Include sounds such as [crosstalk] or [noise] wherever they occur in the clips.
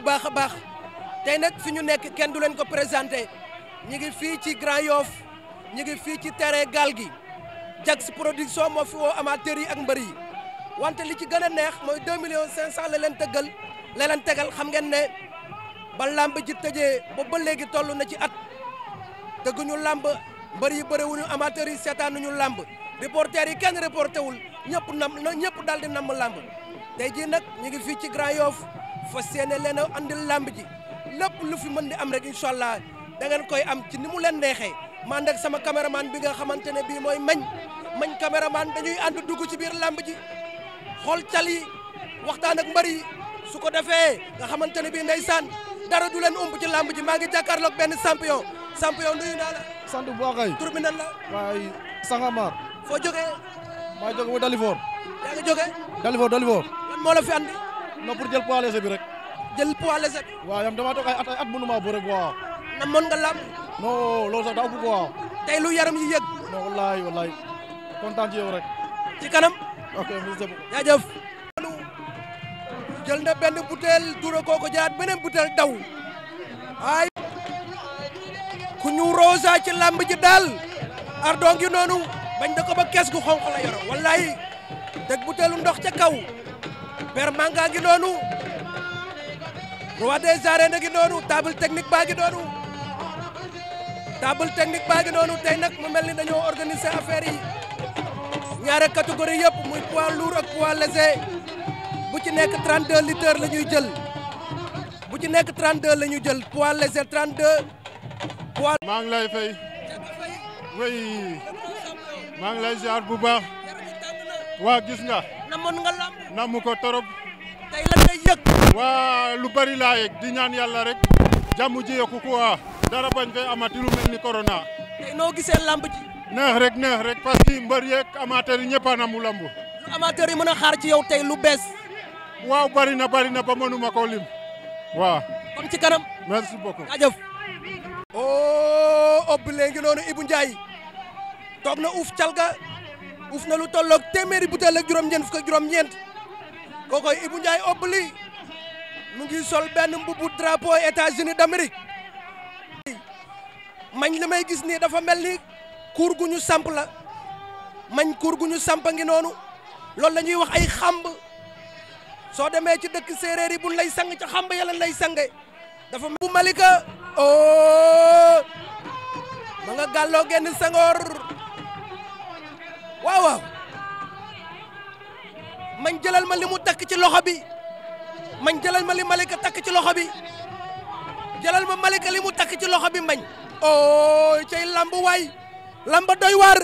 bu baax a baax tey nag fi ñu nekk kenn du leen ko présenté ñu ngi fii ci Grand Yoff ñu ngi fii ci terrain gaal gi Jaks production moo fi woo amateurs yi ak mbër yi wante li ci gën a neex mooy 2 millions 500 la leen tëggal la leen tegal xam ngeen ne ba làmb ji tëjee ba ba léegi toll na ci at tëgguñu làmb mbër yi bëriwuñu amateurs yi seetaanuñu làmb reporters yi kenn reporté wul ñëpp nam ñëpp daal di namm làmb tey jii nag ñu ngi fii ci Grand Yoff fas yéene leen a andil làmb ji lépp lu fi mën di am rek incha allah da ngeen koy am ci ni mu leen neexee ma ànd ak sama caméraman bi nga xamante ne bii mooy mañ mañ caméraman dañuy ànd dugg ci biir làmb ji xool cali waxtaan ak mbër yi su ko defee nga xamante ne bii ndeysaan dara du leen ump ci làmb ji maa ngi jàkkaarloog benn champion champion nuyu naa la. sant bu baax kay. tur bi nan la. waay Sangomar. foo jógee. maa jógee ba Dalifor. yaa ngi jógee. Dalifor non pour jël poids léger rek. jël poids léger bi. waaw yam damaa toog ay at ay at mënuma bëre quoi. na mën nga lam. non loolu sax daa ëpp quoi. tey lu yaram yi yëg. non wallaahi wallaahi kontaan ci yow rek. ci kanam. ok jaajëf. jël na benn butéel tuura kooko jaat beneen butéel daw. ay ku ñu ci làmb ji daal. ardo ngi noonu. bañ da ko gu xonq la yoro wallahi teg butéelu ndox ca kaw. Père Manga gi noonu roi des arènes ngi noonu table technique baa gi noonu table technique baa ngi noonu tey nag mu mel ni dañoo organiser affaire yi ñaare catégorie yëpp muy poids lourd ak poids léger bu ci nekk 32 litres la ñuy jël bu ci nekk 32 la ñuy jël poids léger 32 poids. maa ngi lay fay oui maa lay ziar bu baax waa gis nga. namoon nga lamb. namu ko torop. tey lan ngay yëg. waa lu bari laa di ñaan yàlla rek. jàmm ji yokku quoi. dara bañ fee amati lu mel ni corona. tey noo gisee lamb ji. neex rek neex rek parce que mbër yeeg amateur yi ñëpp a namu lamb. yi mën a xaar ci yow tey lu bees. waaw bari na bari na ba mënuma ko lim. waaw. kon ci kanam. merci beaucoup jaajëf. oh ëpp léegi noonu Ibou Ndiaye toog na uuf calga uuf na lu tolloog téeméeri butéel ak juróom-ñeent fukk juróom-ñeent kookoy Ibou Ndiaye Obli mu ngi sol benn mbubu drapeau États-Unis d'Amérique mañ li may gis nii dafa mel ni kuur gu ñu samp la mañ kuur gu ñu samp a ngi noonu loolu la ñuy wax ay xamb soo demee ci dëkk séeréer yi buñ lay sang ca xamb yàlla lay sange dafa bu Malika o oh! ma nga gàlloo genn sangoor waaw waaw jëlal ma li mu takk ci loxo bi man jëlal ma li Malika takk ci loxo bi jëlal ma Malika li mu takk ci loxo bi mañ oo cay lamb waay lamba doy waar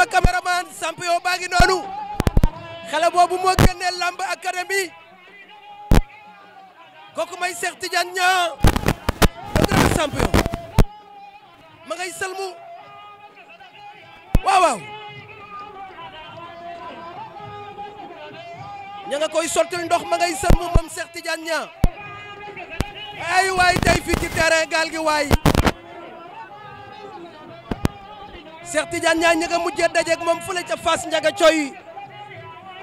sama cameraman champion noonu xale boobu moo génnee lamb académie kooku may Cheikh Tidiane Niang le grand champion ma ngay sëlmu waaw waaw ña koy sottil ndox ma ngay sëlmu moom Cheikh Tidiane Niang ay waay tey fii ci terrain gaal gi waay Cheikh Tidiane Niang ña a mujjee dajeeg moom fële ca Fass Ndiaga Coy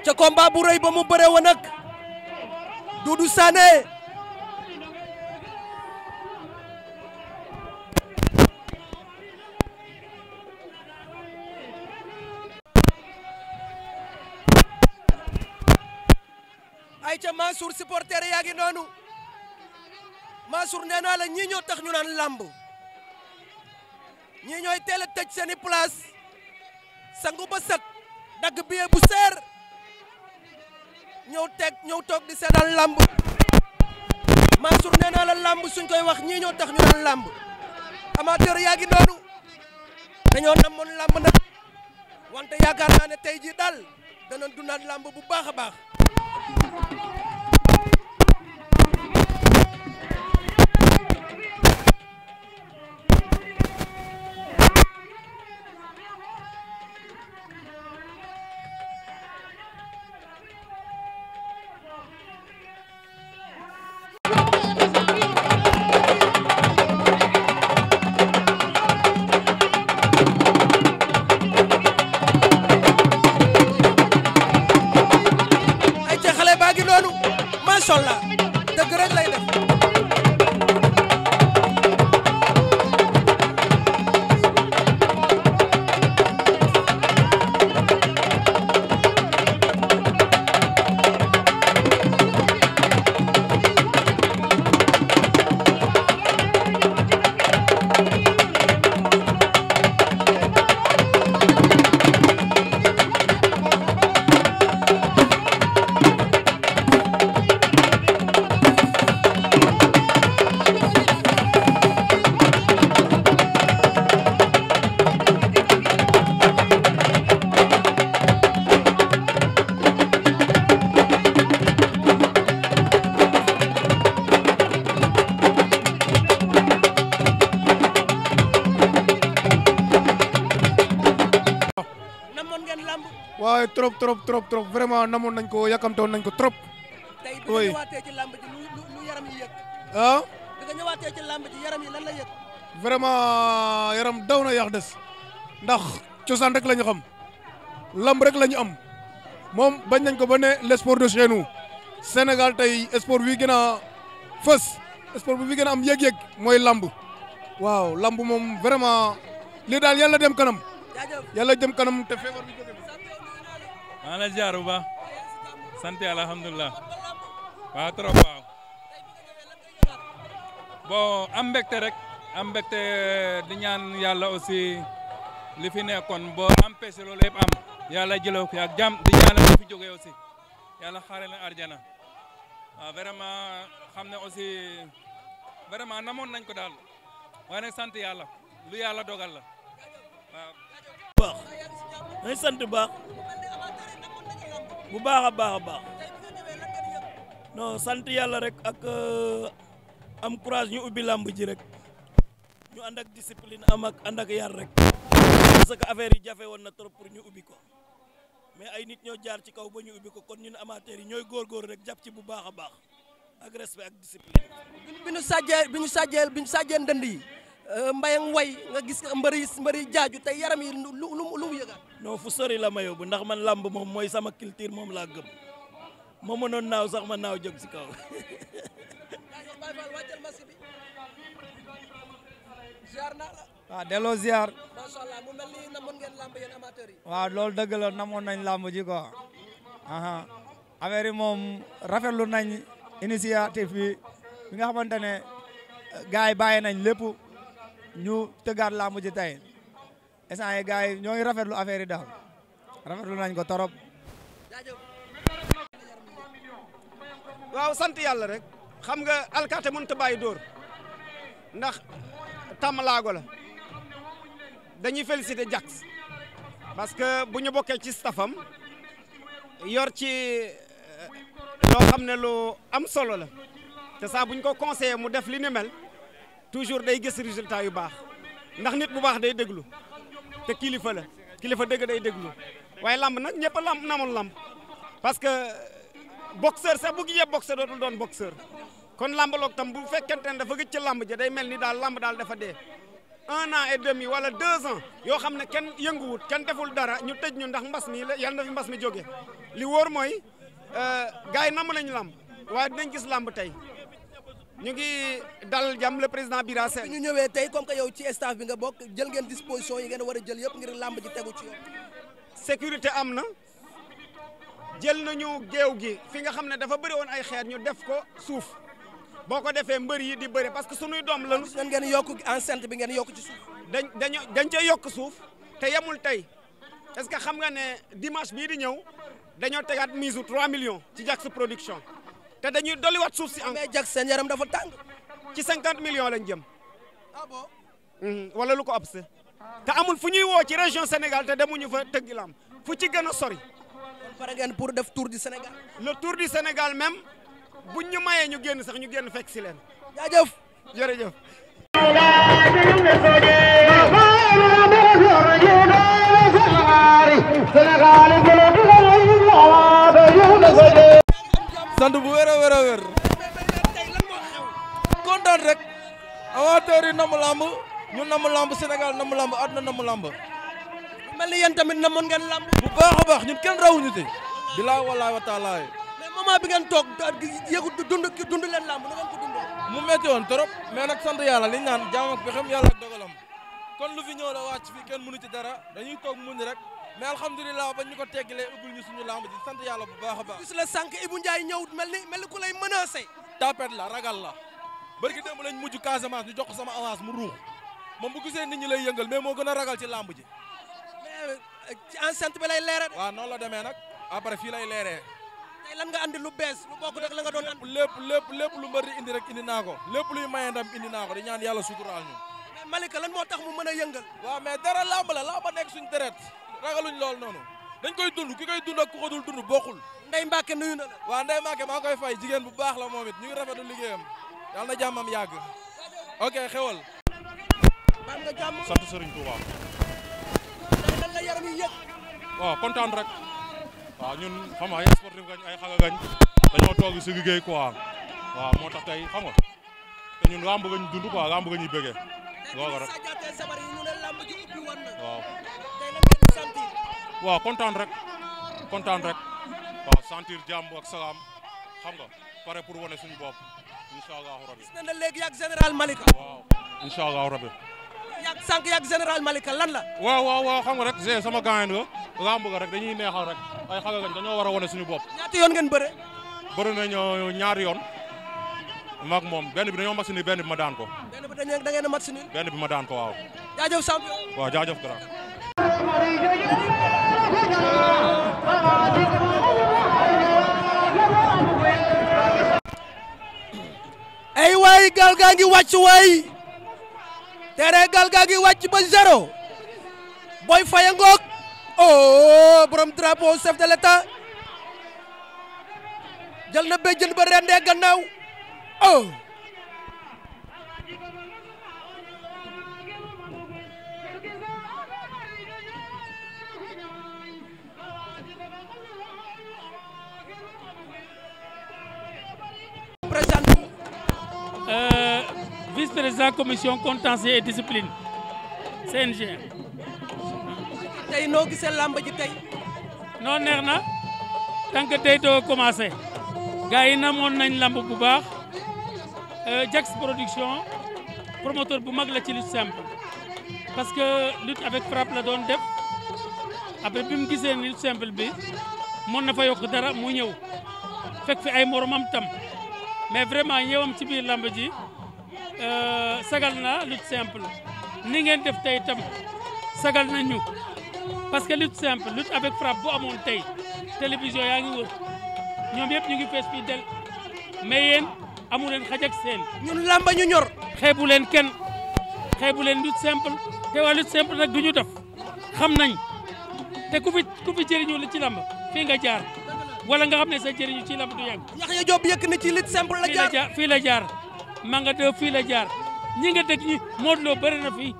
ca combat bu rëy ba mu bëree woon ak Doudou Sané ay ca Mansour supporter yaa ngi noonu Mansour nee naa la ñii tax ñu naan làmb ñii ñooy teel a tëj seen i place dagg billet bu seer ñëw teg ñëw toog di seetaan làmb Mansour nee naa la làmb suñ koy wax ñii ñoo tax ñu naan làmb amateur yaa ngi noonu dañoo namoon làmb nag wante yaakaar naa ne tey jii daal dana dundaat làmb bu baax a baax trop trop trop vraiment namoon nañ ko yàkkamtoon nañ ko trop. tey bi nga làmb ji lu yaram yi yëg. ah. bi nga ñëwaatee ci làmb ji yaram yi vraiment yaram daw na yàq des ndax cosaan rek la ñu xam lamb rek la ñu am moom bañ nañ ko ba ne le de chez nous Sénégal tey sport bi gën a fës sport bi gën a am yëg-yëg mooy lamb waaw lamb moom vraiment li daal yàlla dem kanam. yàlla dem kanam te feebar bi jóge maa ngi lay ziar sant yàlla alhamdulilah waaw trop waaw bon am mbégte rek am mbégte di ñaan yàlla aussi li fi nekkoon boo empêché loolu yëpp am yàlla jëloo ko ak jàmm di ñaanal li fi aussi yàlla xaare na arjana waaw vraiment xam ne aussi vraiment namoon nañ ko daal waaye sant yàlla lu yàlla dogal la waaw. sant baax. bu baax a baax a baax non sant yàlla rek ak euh, am courage ñu ubbi làmb ji rek ñu ànd ak discipline am ak ànd ak yar rek parce que affaire yi jafe woon na trop pour ñu ubbi ko mais ay nit ñoo jaar ci kaw ba ñu ubbi ko kon ñu ñun amateurs yi ñooy góor góor rek jàpp ci bu baax a baax ak respect ak discipline. bi ñu bi bi ñu sàjjee bi ñu sàjjee ndënd yi. Euh, mbayang way nga gis mbëri mbëri jaaju tey yaram yi lu lu lu mu yëgaat non sori la ma yóbbu ndax man làmb moom mooy sama culture moom laa gëm ma mënoon naaw sax ma naaw jëm si kaw waaw delloo ziar macha Allah mu mel ni namoon ngeen làmb yéen amateurs yi waaw loolu dëgg la namoon nañ làmb ji quoi aha affaire bi bi xamante ne gars yi bàyyi nañ lépp ñu tëggaat làmb ji tey instant yi gars yi ñoo ngi rafetlu affaire yi daal rafetlu nañ ko torop waaw sant yàlla rek xam nga alkaate mënta a bàyyi dóor ndax tàmm laago la dañuy féliciter Jax parce que bu ñu bokkee ci stafam yor ci euh, loo xam ne lu am solo la te saa bu ñu ko conseillé mu def li ni mel. toujours day gis résultat yu baax ndax nit bu baax day déglu te kilifa la kilifa dëgg day déglu waaye làmb nag ñëpp a lamb namul làmb parce que boxeur sax bu gisee boxeur dootul doon boxeur kon lamb loog tam bu fekkente ne dafa gëj ci lamb ja day mel ni daal làmb daal dafa dee un an et demi wala deux ans yoo xam ne kenn yënguwut kenn deful dara ñu tëj ñu ndax mbas mi la yal na mbas mi jóge li wóor mooy euh, gars yi namm nañu lamb waaye dañ gis làmb tey ñu ngi dal jàmm le président Bira Sène ñu ñëwee tey comme que yow ci staff bi nga bokk jël ngeen disposition yi ngeen war a jël yëpp ngir làmb ji tegu ci sécurité am na jël nañu géew gi fi nga xam ne dafa bëri woon ay xeer ñu def ko suuf boo ko defee mbër yi di bëri parce que sunuy doom lañu. ngeen ngeen yokk enceinte bi ngeen yokk ci suuf. dañ dañoo dañ cee yokk suuf te yemul tey est-ce que xam nga ne dimanche bii di ñëw dañoo tegaat mise u 3 millions ci Jax production. te dañuy dolliwaat suuf si. mais jag seen yaram dafa tàng. ci cinquante millions lañ jëm. ah mhm, wala lu ko ab te amul fu ñuy woo ci région Sénégal te demuñu fa tëgg lam fu ci gën a sori. pare ngeen pour def tour di Sénégal. le tour du Sénégal même buñ ñu mayee ñu génn sax ñu génn fekk si leen. jaajëf jërëjëf. sant bu wér a wér a wér. kontaan rek amateur yi namu lamb ñu namu lamb Sénégal namu lamb àdduna namu lamb. mel ni yéen tamit namoon ngeen lamb. a baax ñun kenn rawuñu te. bilaa walaay wa taalaay. bi ngeen toog yëgu dund dund leen lamb na ngeen ko dundee. mu métti woon trop mais nag sant yàlla liñ naan jaam ak pexem yàlla ak kon lu fi ñëw la wàcc fii kenn mënu ci dara dañuy toog muñ rek. mais alhamdulilah ba ñu ko teggilee uggul ñu suñu lamb ji sant yàlla bu baax a baax gis la sànq Ibou Ndiaye ñëwut mel ni mel ni ku lay menacé tapet la ragal la bërki démb lañ mujj Casamance ñu jox ko sama avance mu ruux moom bu gisee nit ñi lay yëngal mais moo gën a ragal ci lamb ji sant euh, ci enceinte bi lay leere waaw noonu la demee nak après fii lay leeree tey lan nga andi lu bees lu bokk rek la nga doon andi lépp lépp lu mbër indi rek indi naa ko lépp luy maye ndam indi naa ko ñaan yàlla suturaal moo tax mu mën a yëngal waaw mais dara lamb la ragaluñ lool noonu dañ koy dund ki koy dund ak ku ko dul dund bokkul Ndeye Mbacke nuyu na la waaw Ndeye Mbacke maa ngi koy fay jigéen bu baax la moom it ñu ngi rafetlu liggéeyam yàlla na jàmmam yàgg ok xewal bam nga jàmm sant Serigne Touba lan la yaram yi yëg waaw kontaan rek waaw ñun xam nga ay sportif gañ ay xaga gañ dañoo toog si liggéey quoi waaw moo tax tey xam nga te ñun lamb nga ñu dund quoi lamb nga ñuy bëggee loolu rek waaw waaw kontaan rek kontaan rek waaw sentir jàmm ak salaam xam nga pare pour wane suñu bopp incha allahu rabi. gis nañ la léegi yàgg général Malika. waaw incha allahu rabi. yàgg sànq yàgg général Malika lan la. waaw waaw waaw xam nga rek G sama gaañ la lamb ga rek dañuy neexal rek ay xale lañ dañoo war a wane suñu bopp. ñaata yoon ngeen bëre. bëri nañu ñaari yoon. maag moom benn bi dañoo match ni benn bi ma daan ko. benn bi dañu da ngeen a match ni. benn bi ma daan ko waaw. jaajëf champion. waaw jaajëf grand. ay waay gaal gaa ngi wàcc waay tere gaal ngi wàcc ba zéro booy faya ngoog oh borom drapeau chef de l'état jël na béjjën ba rendee gannaaw oh. vice-président commission contentieux et discipline CNG. tey noo gisee làmb ji tey. noo neex na tant que tey doo commencé. gars yi namoon nañ làmb bu baax euh, Jax production promoteur bu mag la ci lutte simple parce que lutte avec frappe la doon def après bi mu gisee lutte simple bi mën na fa yokk dara mu ñëw fekk fi ay moromam tam mais vraiment ñëwam ci biir làmb Euh, sagal na lutte simple ni ngeen def tey tam sagal na ñu parce que lutte simple lutte avec frappe bu amoon tey télévision yaa ngi wër ñoom yëpp ñu ngi fees fii del mais yéen amu leen xaj ak seen. ñun làmba ñu ñor. xeebu leen kenn xeebu leen lutte simple te waa lutte simple nag du ñu def xam nañ te ku fi ku fi jëriñu li ci làmb fii nga jaar wala nga xam ne se jëriñu ci làmb du yàgg. Yaxya Joob na ci lutte simple la fii la jaar. Manga 2 fii la jaar ñi nga dëkk ñi Modou Lo bëri na fii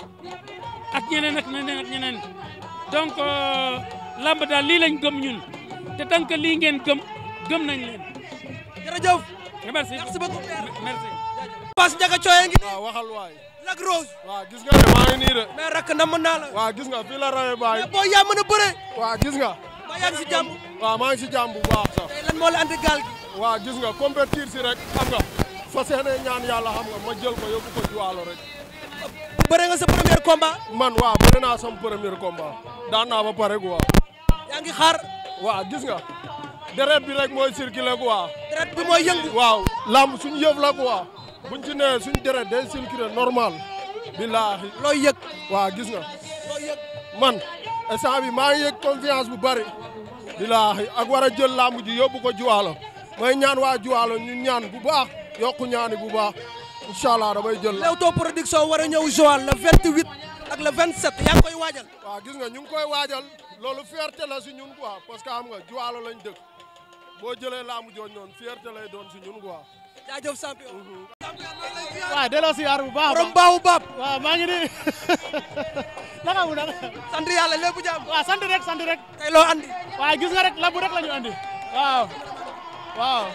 ak ñeneen ak ñeneen ak euh, lamb daal lii lañ gëm ñun te tant que lii ngeen gëm gëm nañ leen. jërëjëf. Eh, merci merci beaucoup merci. Bass Ndiaga Thioye ngi. waaw waxal waay. Lac Rose. gis nga ne maa ngi nii de. rakk namm naa la. gis nga fii la rawee baay. boo yaa mën a bëre. waaw gis nga. maa yaa ngi si jàmm. waaw maa ngi si jàmm bu baax sax. tey lan moo la andi gaal gi. waaw gis nga compétir si rek xam nga. fa seene ñaan yàlla xam nga ma jël ko yóbbu ko juwaalo rek. bëre nga sa premier combat. man waaw bëre naa sama premier combat daan naa ba pare quoi. yaa ngi xaar. waaw gis nga. deret bi rek mooy circuler quoi. deret bi mooy yëngu. waaw lamb suñ yëf la quoi buñ ci nee suñu deret day circuler normal. billaahi looy yëg. waaw gis nga. man instant bi maa ngi yëg confiance bu bari. billaahi ak war a jël lamb ji yóbbu ko juwaalo may ñaan waa juwaalo ñu ñaan bu baax. yokku ñaani bu baax incha allah damay jël. Leewtoo production war a ñëw Joal le 28 ak le 27 yaa ngi koy waajal. waaw gis nga ñu ngi koy waajal loolu fierté la si ñun quoi parce que xam nga Joal lañ boo jëlee laamu jooju noonu fierté lay doon si ñun quoi. jaajëf champion. Mhm. waaw delloo si yaar bu baax. borom maa ngi nii. [laughs] naka wu naka. sant yàlla lépp jàmm. waaw sant rek sant rek. tey loo andi. gis nga rek lambu la ñu andi. waaw waaw.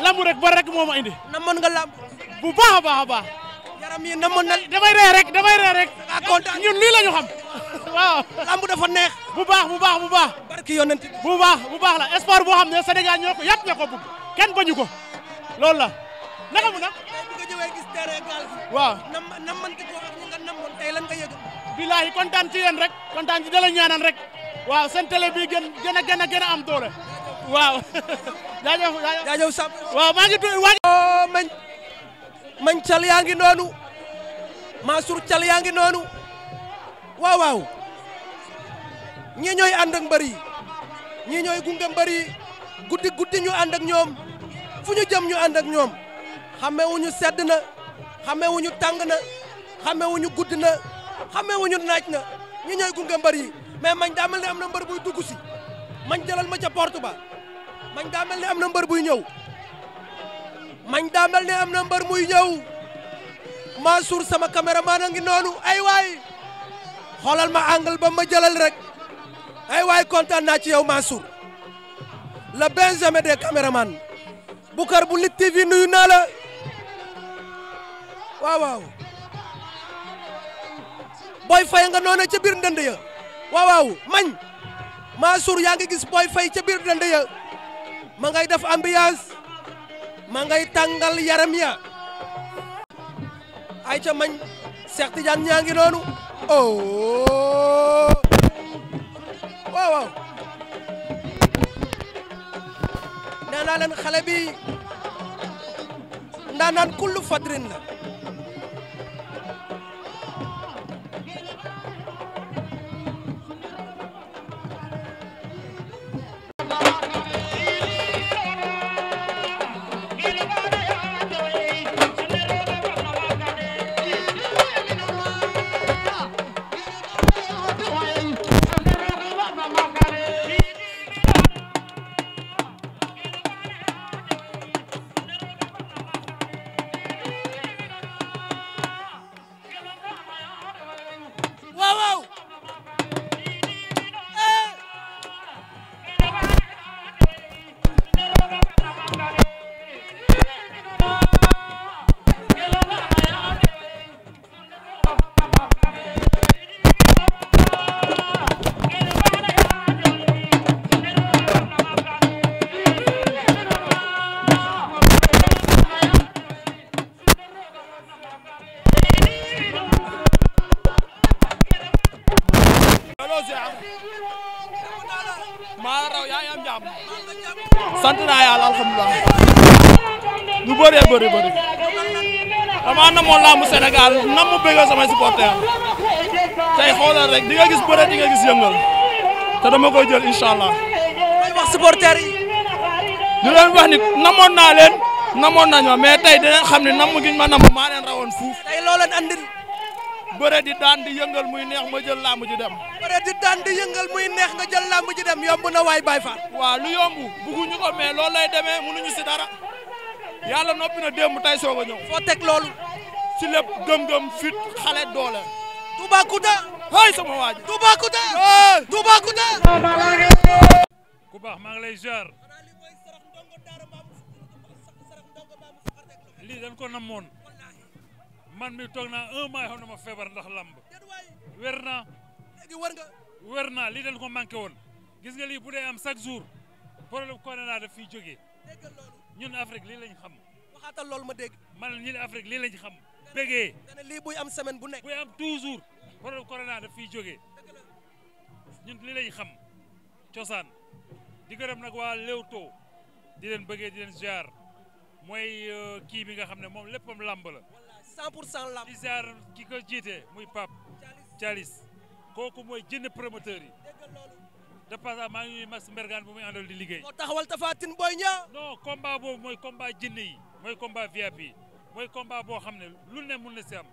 lamb rek ba rek moo ma indi. namoon nga lamb. bu baax a baax a baax. yaram yi namoon na. damay ree rek damay ree rek. ah kontaan ñun lii la ñu xam [laughs] waaw. lamb dafa neex. bu baax bu baax bu baax. barki yonent bu baax bu baax la sport boo xam ne Sénégal ñoo ko yàpp ñoo ko bëgg kenn bañu ko loolu la na mu nag. tey gis terrain gaal gi. waaw nam namante ko ak ñi nga namoon tey lan nga yëg. bilaay kontaan ci rek kontaan ci dala ñaanal rek waaw seen télé bi gën gën a gën a gën a am doole. waaw jaajëf jaajëf Samb waaw maa ngi tudd waa oh, mañ mañ cal yaa ngi noonu Mansour cal yaa ngi noonu waaw waaw ñii ñooy ànd ak mbër yi ñii ñooy mbër yi guddi guddi ñu ànd ak ñoom fu ñu jëm ñu ànd ñoom xamewuñu sedd na xamewuñu tàng na xamewuñu gudd na xamewuñu naaj na ñi ñooy gunge mbër yi mais mañ daa mel ne am na mbër buy dugg si mañ jëlal ma ca porte ba mañ daa mel ne am na mbër buy ñëw mañ daa ne am na mbër muy ñëw Mansour sama caméraman a ngi noonu ay waay xoolal ma angle ba ma jëlal rek ay waay kontaan naa ci yow Mansour le benjamin des caméramans Boucar bu Lutte TV nuyu naa la waaw waaw Boy Faye nga noona ca biir ndënd ya waaw waaw mañ Mansour yaa ngi gis Boy fay ca biir ndënd ma ngay def ambiance ma ngay tàngal yaram ya ay ca mañ Cheikh Tidiane ñaa ngi noonu oh waaw waaw nee naa leen bi ndaanaan kullu fadrin la sant naa yàlla alhamdulilah lu bëree bëri bëri dama namoon làmb Sénégal mu bëgg samay supporter tey xoolal rek di nga gis bëre di nga gis yëngal te dama koy jël incha allah. may wax supporter yi. di leen wax ni namoon naa leen namoon nañ ma mais tey dinañ xam ne nam gi ma nam maa leen bëre di daan di yëngal muy neex ma jël làmb ji dem. bëre di daan di yëngal muy neex nga jël làmb ji dem yomb na waay Baye Fall. waaw lu yomb bëgguñu ko mais loolu lay demee mënuñu si dara yàlla noppi na démb tey soog a ñëw. foo teg loolu. si lépp gëm-gëm fit xale doole. Toubacouta. hey sama waa ji. Toubacouta. hey Toubacouta. ku baax maa ngi lay ziar. lii dañ ko namoon. man mi toog na un mois yoo na ne ma feebar ndax lamb wér naa léegi wér nga wér naa lii dañ ko manqué woon gis nga lii bu dee am chaque jour problème corona daf fiy jógee ñun Afrique lii lañ xam waxaatal loolu ma dégg man ñun Afrique lii lañ xam bégee ne buy am semaine bu nekk buy am toujours problème corona daf fiy jóge ñun lii lañ xam cosaan di gërëm nag waa Leewtoo di leen bëggee di leen ziar mooy euh, kii bi nga xam ne moom léppam lamb la 100 pour cent lamb. ISRA ki ko jiite muy Pape Thialis kooku mooy jënd promoteur yi. de passage maa ngi nuyu Max Mbergane bu muy àndal di liggéey. moo taxawal Tapha Tine Boy Niang. non combat boobu mooy combat jënd yi. mooy combat VIP yi mooy combat boo xam ne lu ne mun na si am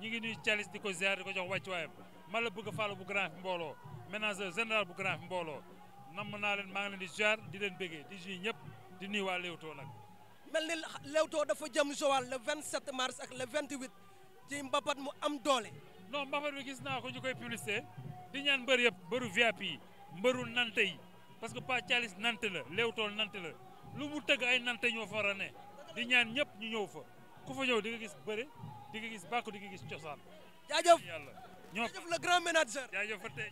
ñu ngi nuyu Thialis di ko ziar di ko jox wàccuwaayam man la bëgg Fallou bu grand mbooloo ménageur général bu grand mbooloo namm naa leen maa ngi leen di ziar di leen bëggee di nuyu ñëpp di nuy waa Leewtoo nag. mel ni Leewtoo dafa jëm Joal le 27 mars ak le 28 ci mbapat mu am doole. non mbapat bi gis naa ko ñu koy publicité di ñaan mbër yëpp mbëru VIP yi mbëru nante yi parce que pas Thialis nante la Leewtoo nante la lu mu tëgg ay nante ñoo fa war a ne di ñaan ñëpp ñu ñëw fa ku fa ñëw di nga gis bëre di nga gis bàkku di nga gis cosaan. jaajëf yàlla ñoo jaajëf le grand manager. jaajëf fa tey.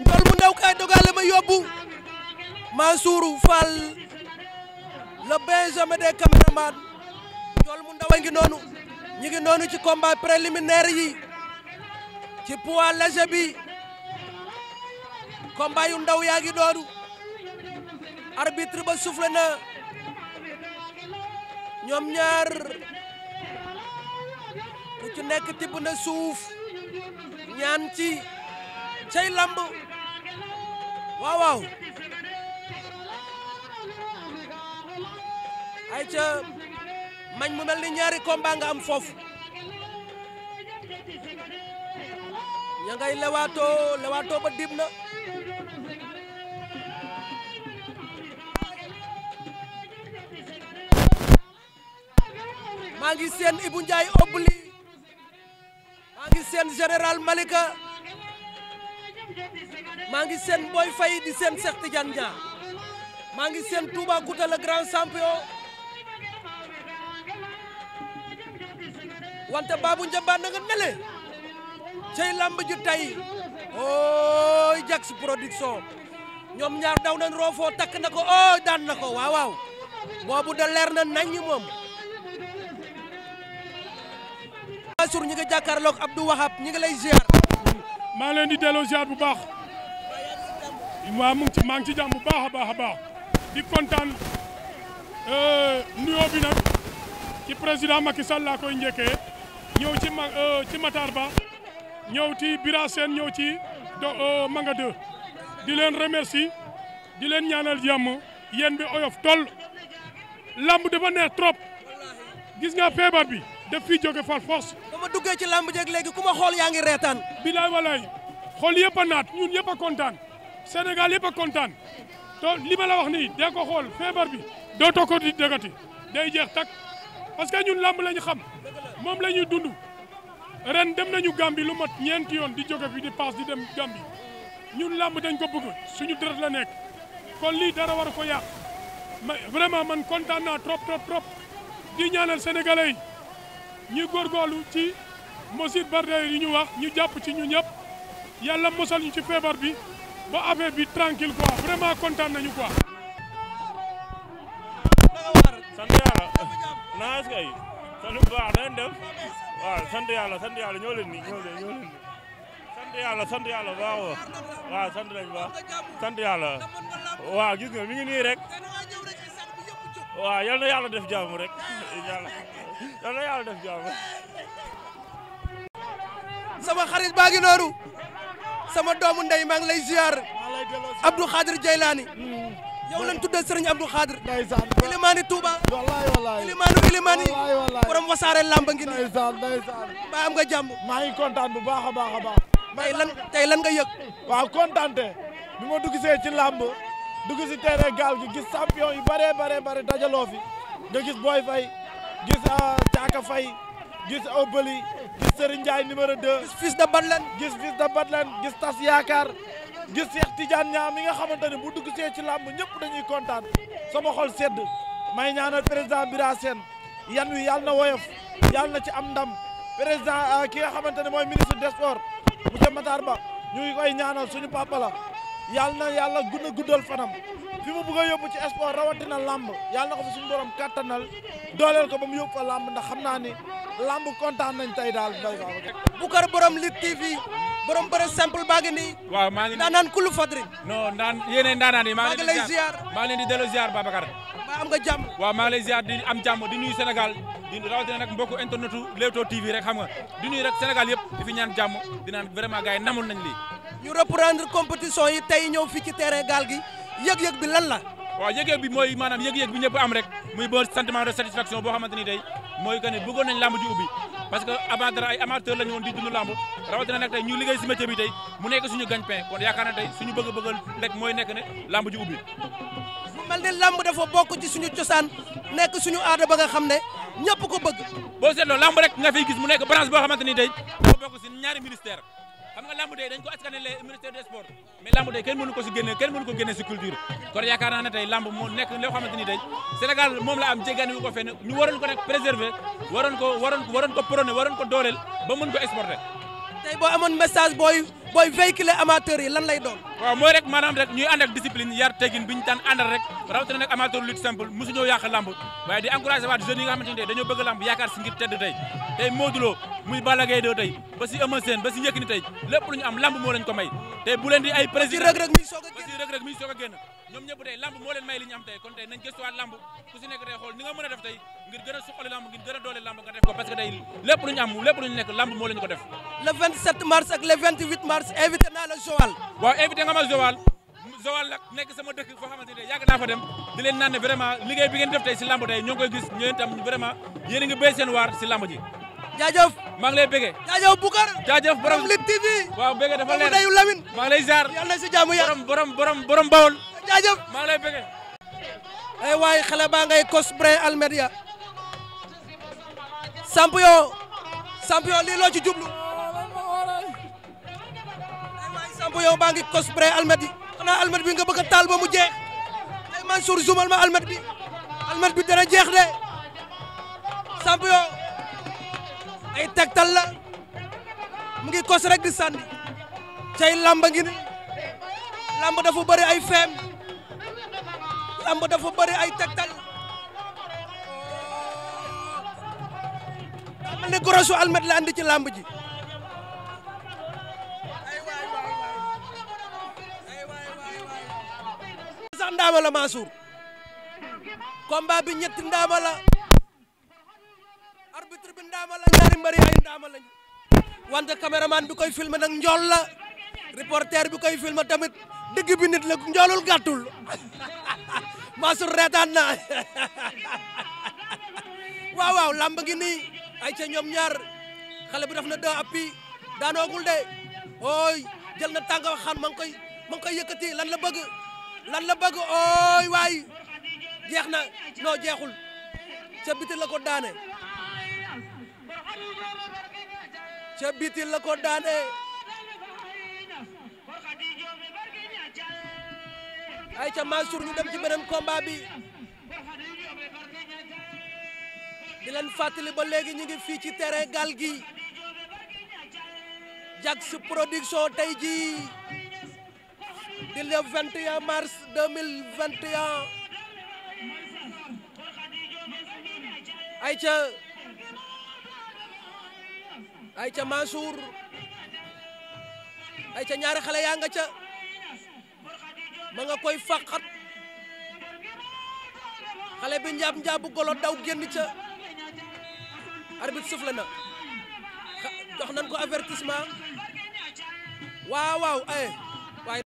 njool bu ndaw kay dogale ma yóbbu. Mansour Fall le benjamin des caméramans Ndiol mu ndaw a noonu ñu ngi noonu ci combat préliminaire yi ci poids léger bi combat yu ndaw yaa ngi noonu arbitre ba soufflé na ñoom ñaar ku ci nekk tibb na suuf ñaan ci cay lamb waaw ay ca mañ mu mel ni ñaari combat nga am foofu ña ngay lewaatoo lewaatoo ba dib na maa ngi seen Ibou Ndiaye obli maa ngi seen général Malika maa ngi seen Boy fay di seen Cheikh Tidiane Niang maa ngi seen Touba Kouta le grand champion wante baabu njambaan na nga nele cey lamb ju tey ooy Jax production ñoom ñaar daw nañ roofoo takk na ko ooy daan na ko waaw waaw boobu da na naññ moom Mansour ñi nga jàkkaarloog Abdou ñi ngi lay ziar maa leen di delloo ziar bu baax waa mu ci maa ngi ci jàmm bu baax a baax a baax di kontaan euh, nuyoo ci président Macky Sall laa koy ñëw ci ma euh, ci Matar Ba ñëw ci Bira Sène ñëw ci euh, Manga 2 di leen remercier di leen ñaanal jàmm yéen bi oyof toll lamb dafa neex trop gis nga feebar bi daf fii jóge far force. ba ma duggee ci lamb jeeg léegi ku ma xool yaa ngi reetaan. bilaay walaay xool yëpp a naat ñun yëpp a kontaan Sénégal yëpp a kontaan to li ma la wax ni dee ko xool feebar bi dootoo ko di dëggati day jeex tak parce que ñun lamb lañu xam. moom la ñuy dund ren dem nañu Gambie lu mat ñeenti yoon di jóge fi di paas di dem Gambie ñun làmb dañ ko suñu deret la kon lii dara war ko yàq ma vraiment man kontaan naa trop trop trop di ñaanal sénégalais yi ñu góorgóorlu ci mosit barrière yi ñu wax ñu jàpp ci ñu ñëpp yàlla mosal ñu ci feebar bi ba affaire bi tranquille quoi vraiment kontaan nañu quoi sant sant bu baax na def waaw sant yàlla sant yàlla ñoo leen sant yàlla sant yàlla bu baax sant nañu baax sant yàlla mi ngi nii rek waaw yal def jàmm sama xarit baa ngi sama doomu ndey maa ngi lay ziar Abdou yow lañ tuddee Serigne Abdou Khadr ndeysaan ilimaani Touba wallaay wallaay ilimaanu ilimaani borom wasaare lamba ngi nii ndeysaan ndeysaan mbaa am nga jàmm maa ngi kontaan bu baax a baax a baax tey lan tey lan nga yëg waaw kontaante bi ma dugg see ci làmb dugg si terrain gaal gi gis champion yi bare bare bare dajaloo fi nga gis Boy Faye gis Caaka ah, Faye gis Obali gis Serigne Ndiaye numéro 2 gis Fils de Batlen gis Fils gis Tas Yaakaar ngir Cheikh Tidiane Niang mi nga xamante ne bu dugg see ci làmb ñëpp dañuy kontaan sama xol sedd may ñaanal président Bira Sène yan wi yàlla na woyof yàlla na ci am ndam président euh, ki nga xamante ne mooy mi des sports monsieur Matar Ba ñu ngi koy ñaanal suñu papa la yàlla na yàlla gën a guddal fanam fi mu bëgg a yóbbu ci sport rawatina làmb yàlla na ko fa suñu borom kàttanal dooleel ko ba mu yóbbu fa làmb ndax xam naa ni làmb kontaan nañ tey daal mbay Boucar borom Lutte TV borom bëre simple baa ngi nii. waaw maa ngi nii naan kulu fadrin. non naan yéenay ndaanaan yi. maa ngi lay ziar maa ngi leen di am nga jàmm. waaw maa ngi lay ziar di am jàmm di nuyu Sénégal di rawatina nag mbokku internetu Leewtoo TV rek xam nga di nuyu rek Sénégal yëpp di fi ñaan jàmm di naan vraiment gars yi namoon nañ lii. ñu reprendre compétition yi tey fii ci terrain gaal gi yëg-yëg bi lan la waaw yëg-yëg bi mooy maanaam yëg-yëg bi ñëpp am rek muy bon sentiment de satisfaction boo xamante ni mooy que ne bëggoon nañ làmb ji ubbi parce que avant dara ay amateur la ñu woon di dund làmb rawatina nag tey ñu liggéey si métier bi tey mu nekk suñu gagne-pain kon yaakaar na suñu bëgg-bëggal rek mooy nekk ne làmb ji ubbi mu mel ni làmb dafa suñu cosaan nekk suñu aada ba nga xam ne ñëpp ko bëgg boo seetloo làmb rek nga gis mu nekk branche boo xamante ni tey boo bokk xam nga lamb day dañ ko askanale ministère des sports mais lamb day kenn mënu ko si génne kenn mënu ko génne si culture kon yaakaar naa ne tey lamb moo nekk loo xamante ni tey Sénégal moom la am jéggaani wu ko fenn ñu waroon ko nag préserver waroon ko waroon waroon ko prôner waroon ko dooleel ba mën ko exporter tey boo amoon message booy booy véhiculer amateur yi lan lay doon. waaw mooy rek maanaam rek ñuy ànd ak discipline yar teggin bi ñu daan àndal rek rawatina nag amateur lutte simple mosuñoo yàq lamb waaye di encouragé waat jeunes yi nga xamante ne dañoo bëgg lamb yaakaar si ngir tedd tey tey Modou muy Balla Gaye ba si Eumeu Sène ba si Yékini tey lépp lu ñu am lamb moo lañ ko may tey bu ay président ba si rëg-rëg mi soog a ñoom ñëpp tey lamb moo may li ñu am kon tey nañ gëstuwaat lamb ku si nekk tey xool ni nga mën a def tey ngir gën a suqali ngir gën a doole lamb nga def ko parce que tey lépp lu ñu am lépp nekk lamb moo leen def le 27 mars ak le 28 mars invité naa la Joal waaw invité nga ma Joal nekk sama dëkk foo xamante ne yàgg naa fa dem di naan ne vraiment liggéey bi def tey si lamb tey ñoo koy gis ñoo jaajëf maa ngi lay bëgg ay eh, waay xale baa ngay cosplay Almedia champion champion lii loo ci jublu ay eh, waay champion baa ngi cosplay Almedia xanaa Almedia bi nga bëgg a taal ba mu jeex ay eh, Mansour zumal ma Almedia bi Almedia bi dana jeex de champion ay tegtal la mu ngi kos rek di sànni cay lamba ngi ni lamba dafa bëri ay feem lamb dafa bëri ay tegtal daa oh. mel ni gorosu almet la andi ci lamb ji sax ndaama la Mansour combat bi ñetti ndaama la arbitre bi ndaama la ñaari mbëri ay ndaama lañu wante caméraman bi koy filmer nag njool la reporter bi koy filmer tamit dëgg bi nit la njoolul gàttul [laughs] Mansour reetaan na waaw waaw lamb gi nii ay ca ñoom ñaar xale bi def na deux appuis daanoogul de ooy jël na tànga xaan ma ngi koy ma koy yëkkati lan la bëgg lan la bëgg ooy waay jeex na non jeexul ca biti la ko daane ca biti la ko daane ay ca Mansour ñu dem ci beneen combat bi di leen fàttali ba léegi ñu ngi fii ci tere Gaal gi Jaks production tey jii di le 21 mars 2021 ay ca ay ca ay ca ñaari xale yaa nga ca ma nga koy fàqat xale bi njaab njaabu golo daw génn ca arbitre souffle na jox nañ ko avertissement waaw waaw ay eh, waaye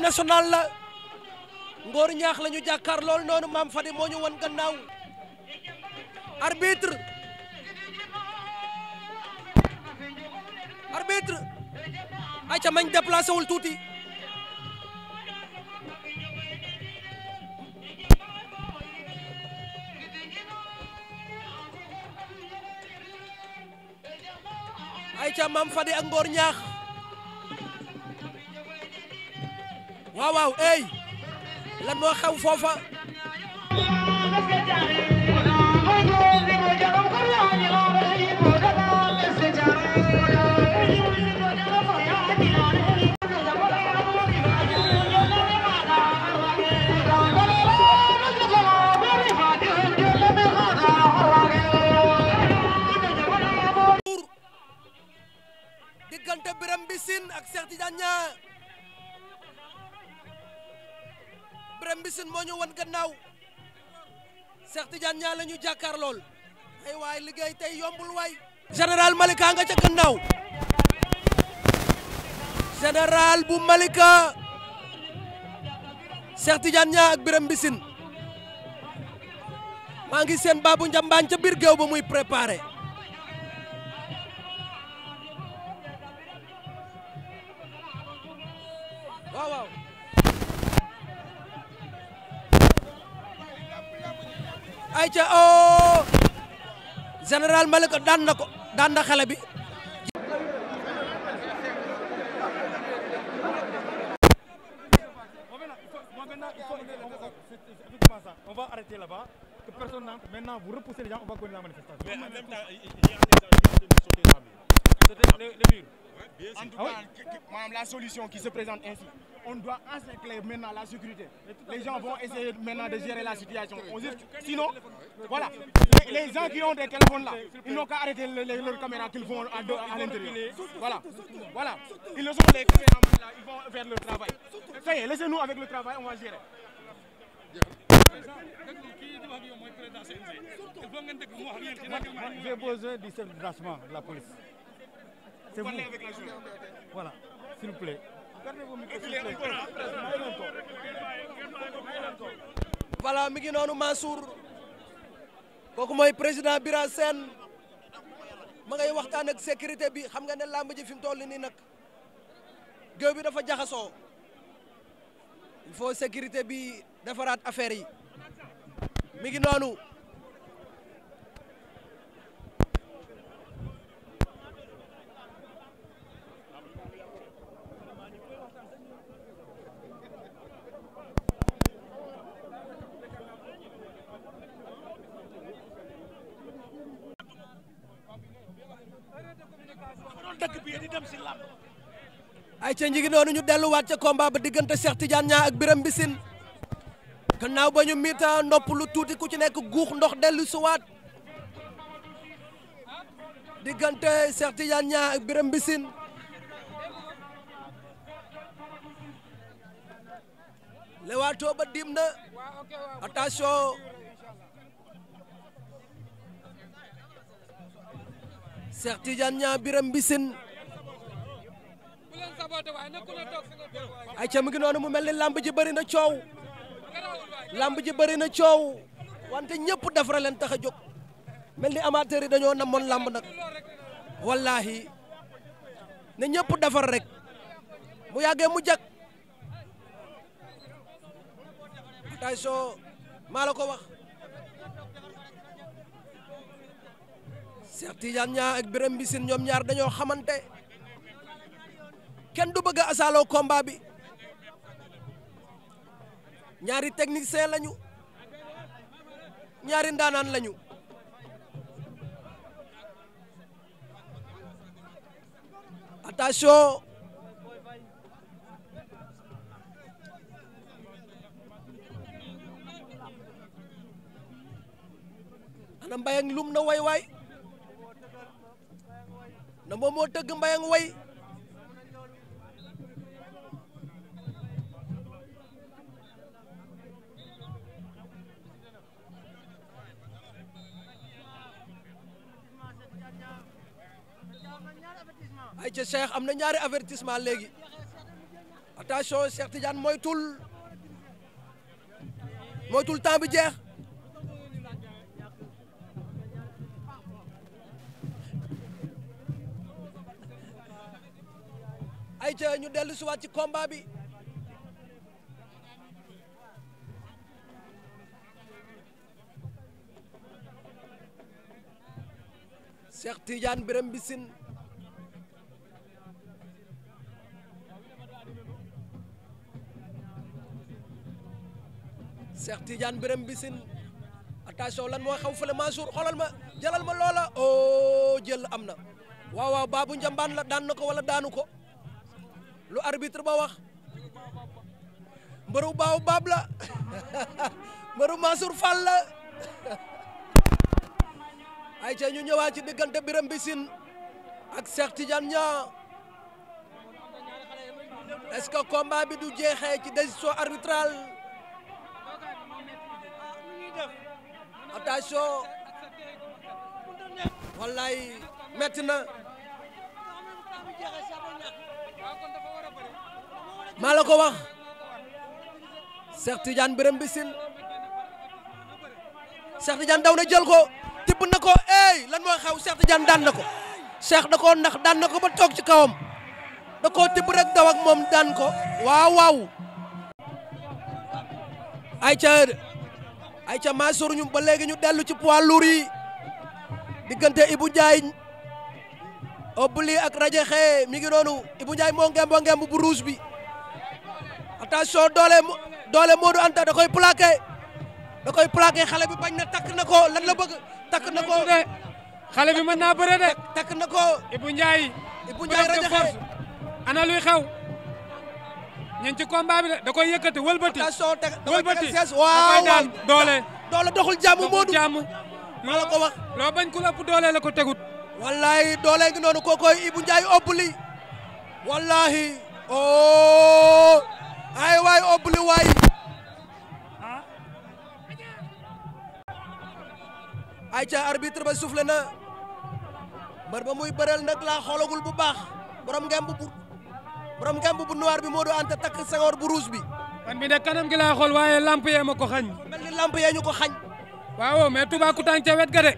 arène nationale la Ngor Ñaax la ñu jàkkaar lool noonu maam Fadi moo ñu wan gannaaw arbitre arbitre ayca mañ déplacé tuuti ayca maam Fadi ak Ngor Ñaax waaw waaw ey lan moo xew foofa diggante Birame Mbissine ak Cheikh Tidiane Niang Ibrahima Mbissine moo ñu wan gannaaw Cheikh Tidiane ñaa la ñu jàkkaar lool ay waay liggéey tey yombul waay général Malika nga ca gannaaw général bu Malika Cheikh Tidiane ñaa ak Ibrahima Mbissine maa ngi seen Babou Njambaan ca biir géew ba muy préparé ayca oh général Malika daan na ko daan na xale bi. on a des gens En tout cas, madame, la solution qui se présente ainsi, on doit encercler la sécurité. Les gens vont essayer maintenant de gérer la situation. sinon, voilà, les, gens qui ont des téléphones là, ils n'ont qu'à arrêter leurs qu'ils font à, l'intérieur. Voilà, Ils ne sont les caméras ils vont faire leur travail. Ça laissez-nous avec le travail, on va gérer. la police. C'est vous. Voilà, mi ngi noonu Mansour kooku mooy président Bira Sène ma ngay waxtaan ak sécurité bi xam nga ne làmb ji fi mu toll nii nag géew bi dafa jaxasoo il faut sécurité bi defaraat affaire yi mi ngi noonu. ay ca njigi noonu ñu delluwaat ca combat ba diggante Cheikh Tidiane Niang ak Birame Mbissine gannaaw ba ñu miita nopp lu tuuti ku ci nekk guux ndox dellu suwaat diggante Cheikh Tidiane Niang ak Birame Mbissine lewaatoo ba dim na attention Cheikh Tidiane Niang Birame Mbissine ay ca mu ngi mu mel ni lamb ji bëri na coow lamb ji bëri na coow wante ñëpp defara leen tax a jóg mel ni amateur dañoo namoon lamb nag wallaahi ne ñëpp defar rek mu yàggee mu jag attention maa la ko wax Cheikh Tidiane ñaa ak Birame Mbissine ñoom ñaar dañoo xamante kenn du bëgg a asaaloo combat bi ñaari technicien lañu ñaari ndaanaan lañu attention ana mbayang lum na na moom tëgg mbayang way ci am na ñaari avertissement léegi attention Cheikh Tidiane moytul moytul temps bi ay ca ñu dellu si ci combat bi Cheikh Tidiane bi Bissine Cheikh Tidiane Birame Bissine attention lan moo xaw fële Mansour xoolal ma jëlal ma loola oh jël am na waaw waaw Babou Njambaan la daan na ko wala daanu ko lu arbitre ba wax mbëru baaw baab la [laughs] mbëru Mansour Fall la [laughs] ay ca ñu ñëwaat ci diggante Birame Bissine ak Cheikh Tidiane Niang est que combat bi jeexee ci décision arbitrale attention wallaay metti na maa la ko wax Cheikh Tidiane Birame Bissine Cheikh Tidiane daw na jël ko tibb na ko ey lan mooy xew Cheikh Tidiane daan na ko Cheikh da koo ndax daan na ko ba toog ci kawam da koo tibb rek daw moom daan ko waaw ay ca ay ca Mansour ñu ba léegi ñu dellu ci poids lourd yi diggante Ibou Ndiaye Obli ak Radiakhé mi ngi noonu Ibou Ndiaye moo bi attention doole doole Modou Anta da koy plaqué da xale bi bañ na takk na ko lan la takk na ko xale bi mën naa bëre de takk na ko Ibou Ndiaye Ibou Ndiaye xew ñun ci combat bi de da koy yëkkati wëlbati. waaw doole. doole doxul jàmm Modou jàmm. ma la ko wax loo bañ ku lëpp doole la ko tegut. wallahi doole ngi noonu kookoy Ibou Ndiaye Obli. wallahi oh ay waay Obli waay. Ah. ay ca arbitre ba soufflé na mbër ba muy bëreel nag laa xoolagul bu baax borom ngem bu borom ngemb bu noir bi Modou Anta takk sangoor bu rouge bi. man mi de kanam gi laa waaye lamp yee ko xañ. mel ni lamp yee ñu ko xañ. waaw mais Toubacouta ca wet ga de.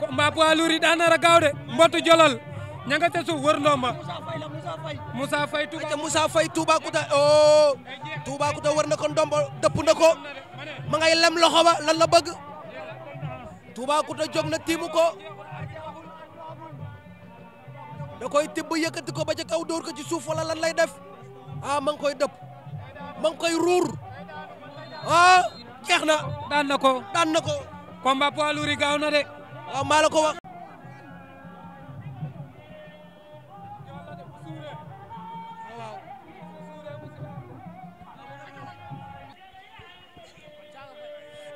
combat poids lourd yi a gaaw de mbottu jolol ña te suuf wër ndomba. Moussa Faye Touba ayca Moussa Faye Toubacouta oh. wër na ko dëpp na ko ma ngay lem loxo ba lan la bëgg Toubacouta jóg na tiimu ko. da koy tibb yëkkati ko ba ca kaw dóor ko ci suuf wala lan lay def ah ma ngi koy dëpp ma koy ruur ah jeex na. daan na ko daan na ko. combat poids lourd yi gaaw na de. waaw ah, maa la ko wax.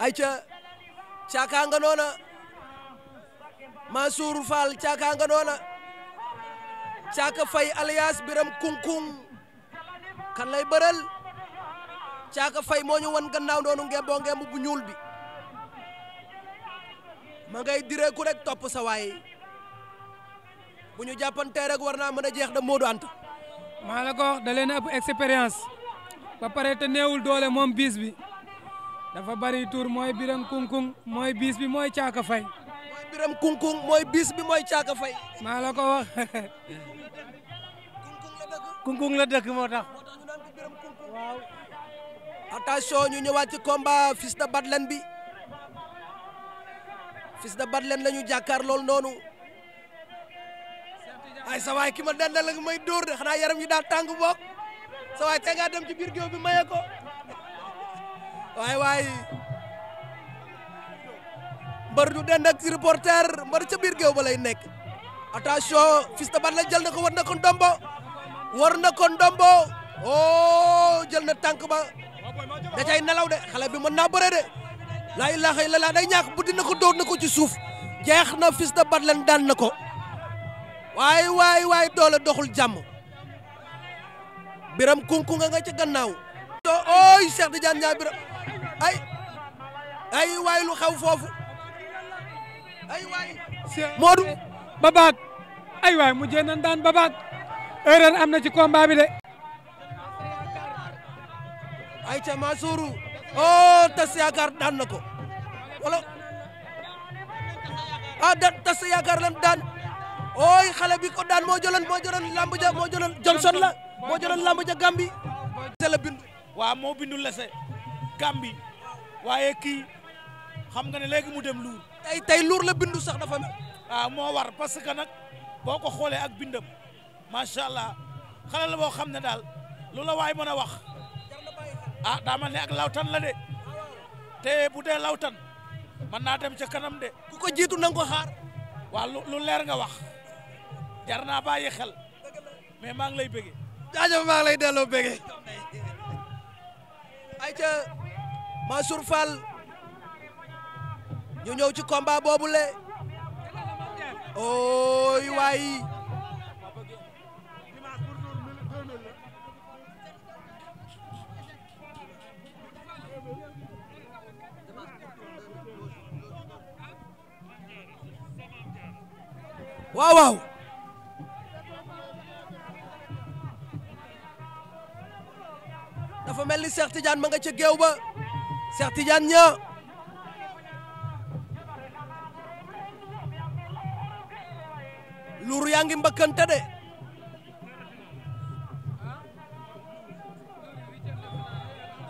ay ca caaka noona Mansour Fall caaka nga noona caaka fay alias biram kunkung kan lay bëreel caaka fay moo ñu wan gannaaw doonu ngemboo ngemb bu ñuul bi ma ngay ku rek topp sa waay bu ñu jàppantee rek war na mën a jeex da Modou Anta maa la ko wax da leen ëpp expérience doole moom biis bi dafa bari tur mooy biram kunkung mooy biis bi mooy caaka fay biram kunkung mooy biis bi mooy caaka fay. maa la ko wax. kunkung la dëkk moo tax. waaw. attention ñu ñëwaat ci combat fils de Badlen bi fils de Badlen la ñu jàkkaar lool noonu. ay sa ki ma dendal la may dóor de xanaa yaram yi daal tàng bokk sa waay te nga dem ci biir géew bi maye ko waay waay. mbër du dend ak reporter mbër ca biir géew ba lay nekk attention Fils de Balla jël na ko war na ko ndombo war na ko ndombo oh jël na tànk ba da cay nelaw de xale bi mën naa bëre de laa ilaaha illallaah day ñàkk buddi na ko dóor na ko ci suuf jeex na Fils de Balla daan na ko waay waay waay doole doxul jàmm biram kunkunga nga ca gannaaw to ooy Cheikh Tidiane biram ay ay waay lu xew foofu Modou. Babaag ay waay mu nan daan Babaag erreur am na ci combat bi de. ayca Mansour oh tas yaakaar daan na ko wala ah tas yaakaar lan daan ooy xale bi ko daan moo jëloon moo moo jëloon Johnson la moo jëloon lamb ja Gambi. la bindu waaw moo bindu lese Gambi waaye kii xam nga ne léegi mu dem Lour. tey tey luur la bindu sax dafa mel. waaw ah, moo war parce que nag boo ko xoolee ak bindam macha allah xale la boo xam ne daal lu la waay mën a wax ah daa mel ne ak lawtan la de te bu dee lawtan mën naa dem ca kanam de. ku ko jiitu na ko xaar. waaw lu leer nga wax jar naa bàyyi xel mais maa ngi lay bëggee. jaajëf maa ngi lay delloo bëggee. ayca Mansour Fall. ñu ñëw ci combat boobu le ooy waay waaw waaw dafa mel ni Cheikh Tidiane ma nga ca géew ba Cheikh Tidiane ñaa yaa ngi mbëkkante de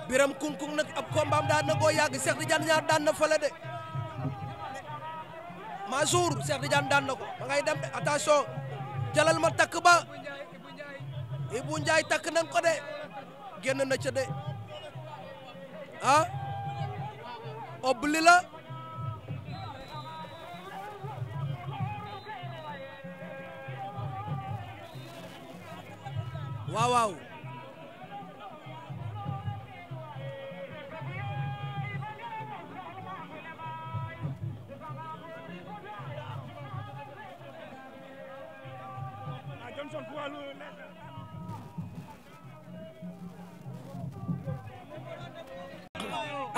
biram kunkung nag ab kombaam daan na koo yàgg Cheikh Tidiane ñaar daan de Mansour Cheikh Tidiane daan na ko ma ngay dem jalal ma takk ba Ibou Ndiaye takk nañ ko de génn na ca de ah obli waaw waaw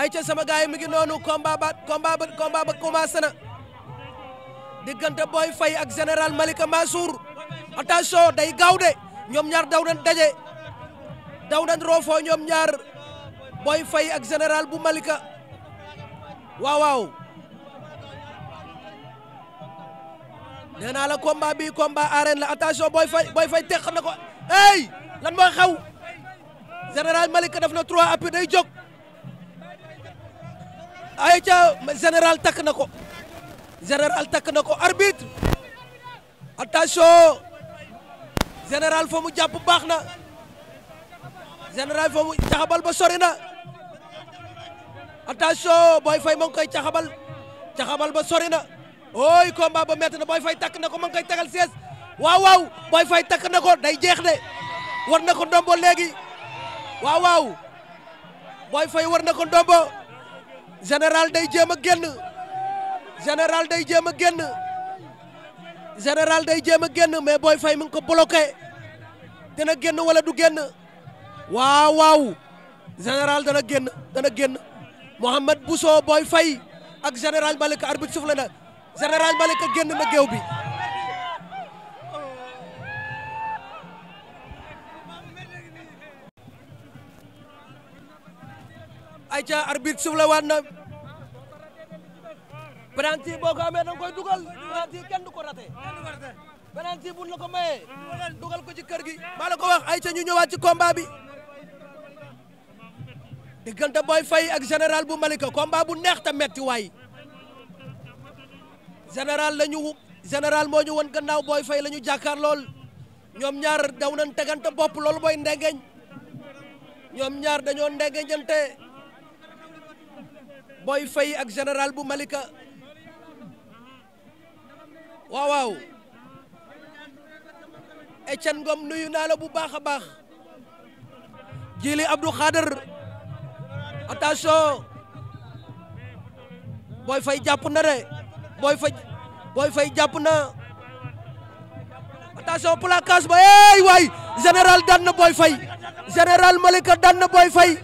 ay ca sama gaay mi ngi noonu combat ba combat ba combat ba commencé na diggante Boy Faye ak général Malika Mansour attention day gaaw de ñoom ñaar daw nañ daje daw nañ ñoom ñaar Boy Faye ak général bu Malika waaw waaw nee naa la combat bi combat arène la attention Boy Faye Boy Faye teq lan mooy xew général Malika def na trois appuis day jóg ay ca général takk na ko général takk na ko arbitre attention général fa mu jàpp baax na général fa caxabal ba sori na attention Boy Faye ma ngi koy caxabal caxabal ba sori na ooy combat ba métti na Boy Faye takk na ko ma ngi koy tagal sees waaw waaw Boy Faye takk na ko day jeex de war na ko ndombo léegi waaw waaw Boy Faye war na ko ndombo général day jéem a génn général day jéem a génn général day jéem a génn mais Boy Faye mu ngi ko bloqué dana génn wala du génn waaw waaw général dana génn dana génn Mouhamed Bousso Boy Faye ak général Malika arbitre soufflé na général Malika génn na géew bi ayca arbitre soufflé waat na penalty boo ko amee da koy dugal penalty kenn ko raté bu la ko dugal ko ci kër gi maa la ko wax ay ca ñu ñëwaat ci combat bi diggante Boy Faye ak général bu Malika combat bu neex ta metti waay général la ñu moo ñu won gannaaw Boy Faye la ñu lool ñoom ñaar daw nañ bopp loolu mooy ndengeñ ñoom ñaar dañoo ndengeñante Boy fay ak général bu Malika waaw waaw Etienne Ngom nuyu naa la bu baax a baax Jili Abdou Khader attention Boy Faye jàpp na de Boy Faye Boy Faye jàpp na attention placage ba eey waay général daan na Boy Faye général Malika daan na Boy Faye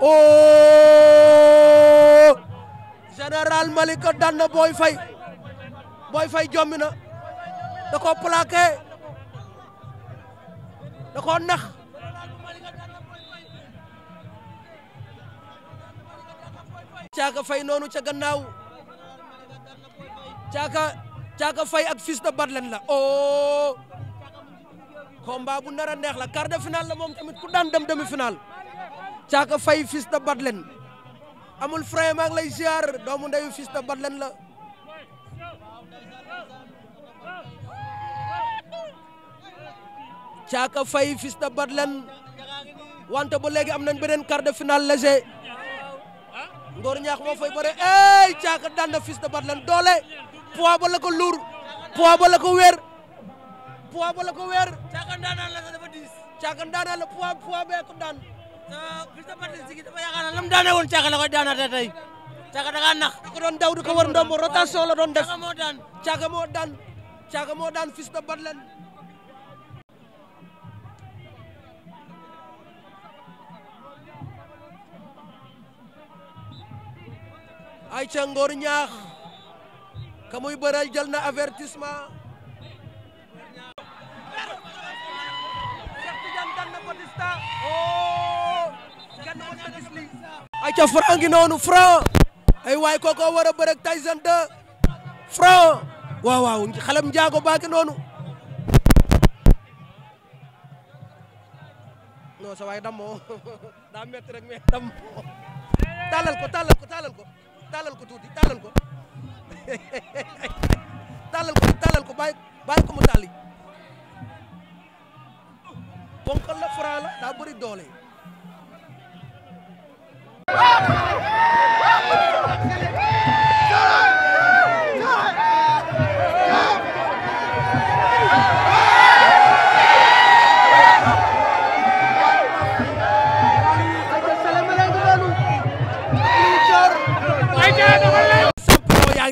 oh général Malika daan na Boy Faye Boy fay jommi na da koo plaqué da koo nax caaka fay noonu ca gannaaw caaka caaka fay ak fils de Badlen la o oh! combat bu nar a neex la quart de finale la moom tamit ku daan dem demi-finale caaka fay fils de Badlen amul frère maa lay ziar doomu ndeyu fils de Badlen la caaka fay fils de Badlen wante ba léegi am nañ beneen quart de la léger Ngor ñaax moo fay bëre ey caaka daan na fils de Badlen doole poids ba la ko luur poids ba la ko weer poids ba la ko wér. caaka ndaanaan la dafa diis. caaka ndaanaan la poids poids bee ko daan. fils de Badlen sigi dafa yaakaar naa lam daanee woon caaka la koy daanaatee tey. caaka da ngaa ko doon daw di ko war ndombo rotation la doon def. caaka moo daan caaka moo daan. caaka moo daan fils de Badlen. ayca Ngor ñaax ka muy bëral jël avertissement Cheikh Tidiane dan na oh! ay waay kooko war a bërëk Tyson Franc waaw waaw xalam njaago baa noonu non sa waay [laughs] daa metti rek mais dammoo ko tàllal ko tàllal ko tàllal ko tuuti tàllal ko [laughs] tàllal ko tàllal ko bàyyi bàyyi ko mu tàlli bonkal la Franc daa bëri doole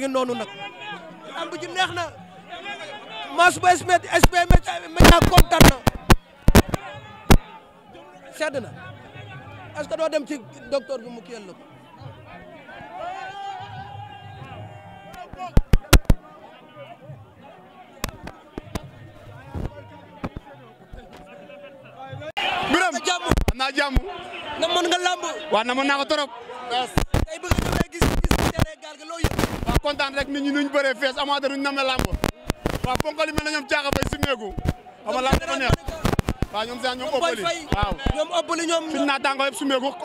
ngi noonu nag lamb ji neex na maas ba sp sp média kontaan na sedd na est-ce que doo dem ci docteur bi mu kiyal la ko biram am naa jàmm na mën nga lamb waaw na mën naa ko trop tey bëgg a ñëw gis gis gaal ga loo kontaan rek nit ñi nuñ bëree fees amateur ñu namee làmb waaw ponkal yi na ñoom caaxa fay simmeeku ama làmb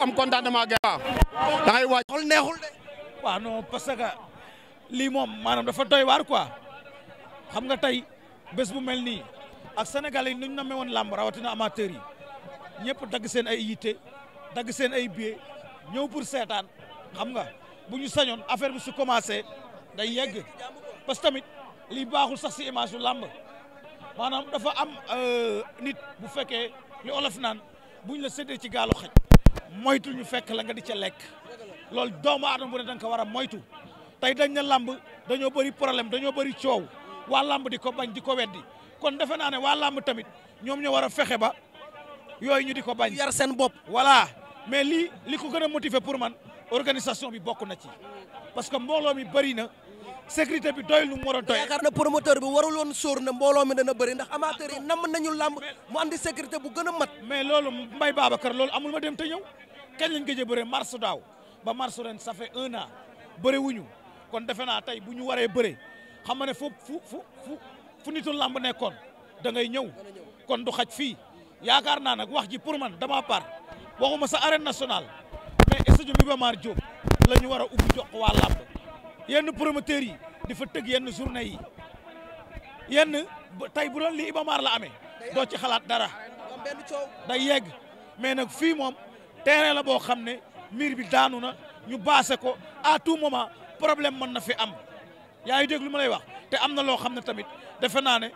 am contentement ga waaw da waaj xol neexul de waaw non parce que lii moom maanaam dafa doy waar quoi xam nga tey bés bu mel nii ak sénégalais yi nuñ namee woon làmb rawatina amateurs yi ñëpp dagg seen ay yitte dagg seen ay billet ñëw pour seetaan xam nga bu ñu sañoon affaire bi su commencé day yegg parce que tamit lii baaxul sax si image yu làmb maanaam dafa am euh, nit bu fekkee li olof naan buñ la séddee ci gaalu xaj moytu ñu fekk la nga di ca lekk loolu doomu aadama bu ne danga ko war a moytu tey dañ na làmb dañoo bëri problème dañoo bëri coow waa làmb di ko bañ di ko weddi kon defe naa ne waa làmb tamit ñoom ñoo war a fexe ba yooyu ñu di ko bañ. yar seen bopp voilà mais lii li ko gën a motiver pour man organisation bi bokk na ci parce que mbooloo mi bëri na. sécurité bi doyul lu mu war a doy. yaakaar na promoteur bi warul woon sóor na mbooloo mi dana bëri ndax amateur yi nam nañu làmb mu andi sécurité bu gën a mat. mais loolu Mbaye Babacar loolu amul ma dem te ñëw kañ lañ gëj a bëree mars daaw ba mars ren ça fait un an kon defe naa tey bu ñu waree bëree xam nga ne fu fu fu fu nitu nekkoon da ngay ñëw kon du xaj fii yaakaar naa nag wax ji pour man dama part waxuma sa arène nationale mais stade Iba Mar Diop la ñu war a ubbi jox waa làmb yenn promoteurs yi di fa tëgg yenn journée yi yenn tey bu doon lii Iba Mar la amee doo ci xalaat dara day yegg mais nag fii moom terrain la boo xam ne miir bi daanu na ñu baase ko à tout moment problème mën na fi am yaa ngi dégg lu ma lay wax te am na loo xam ne tamit defe naa ne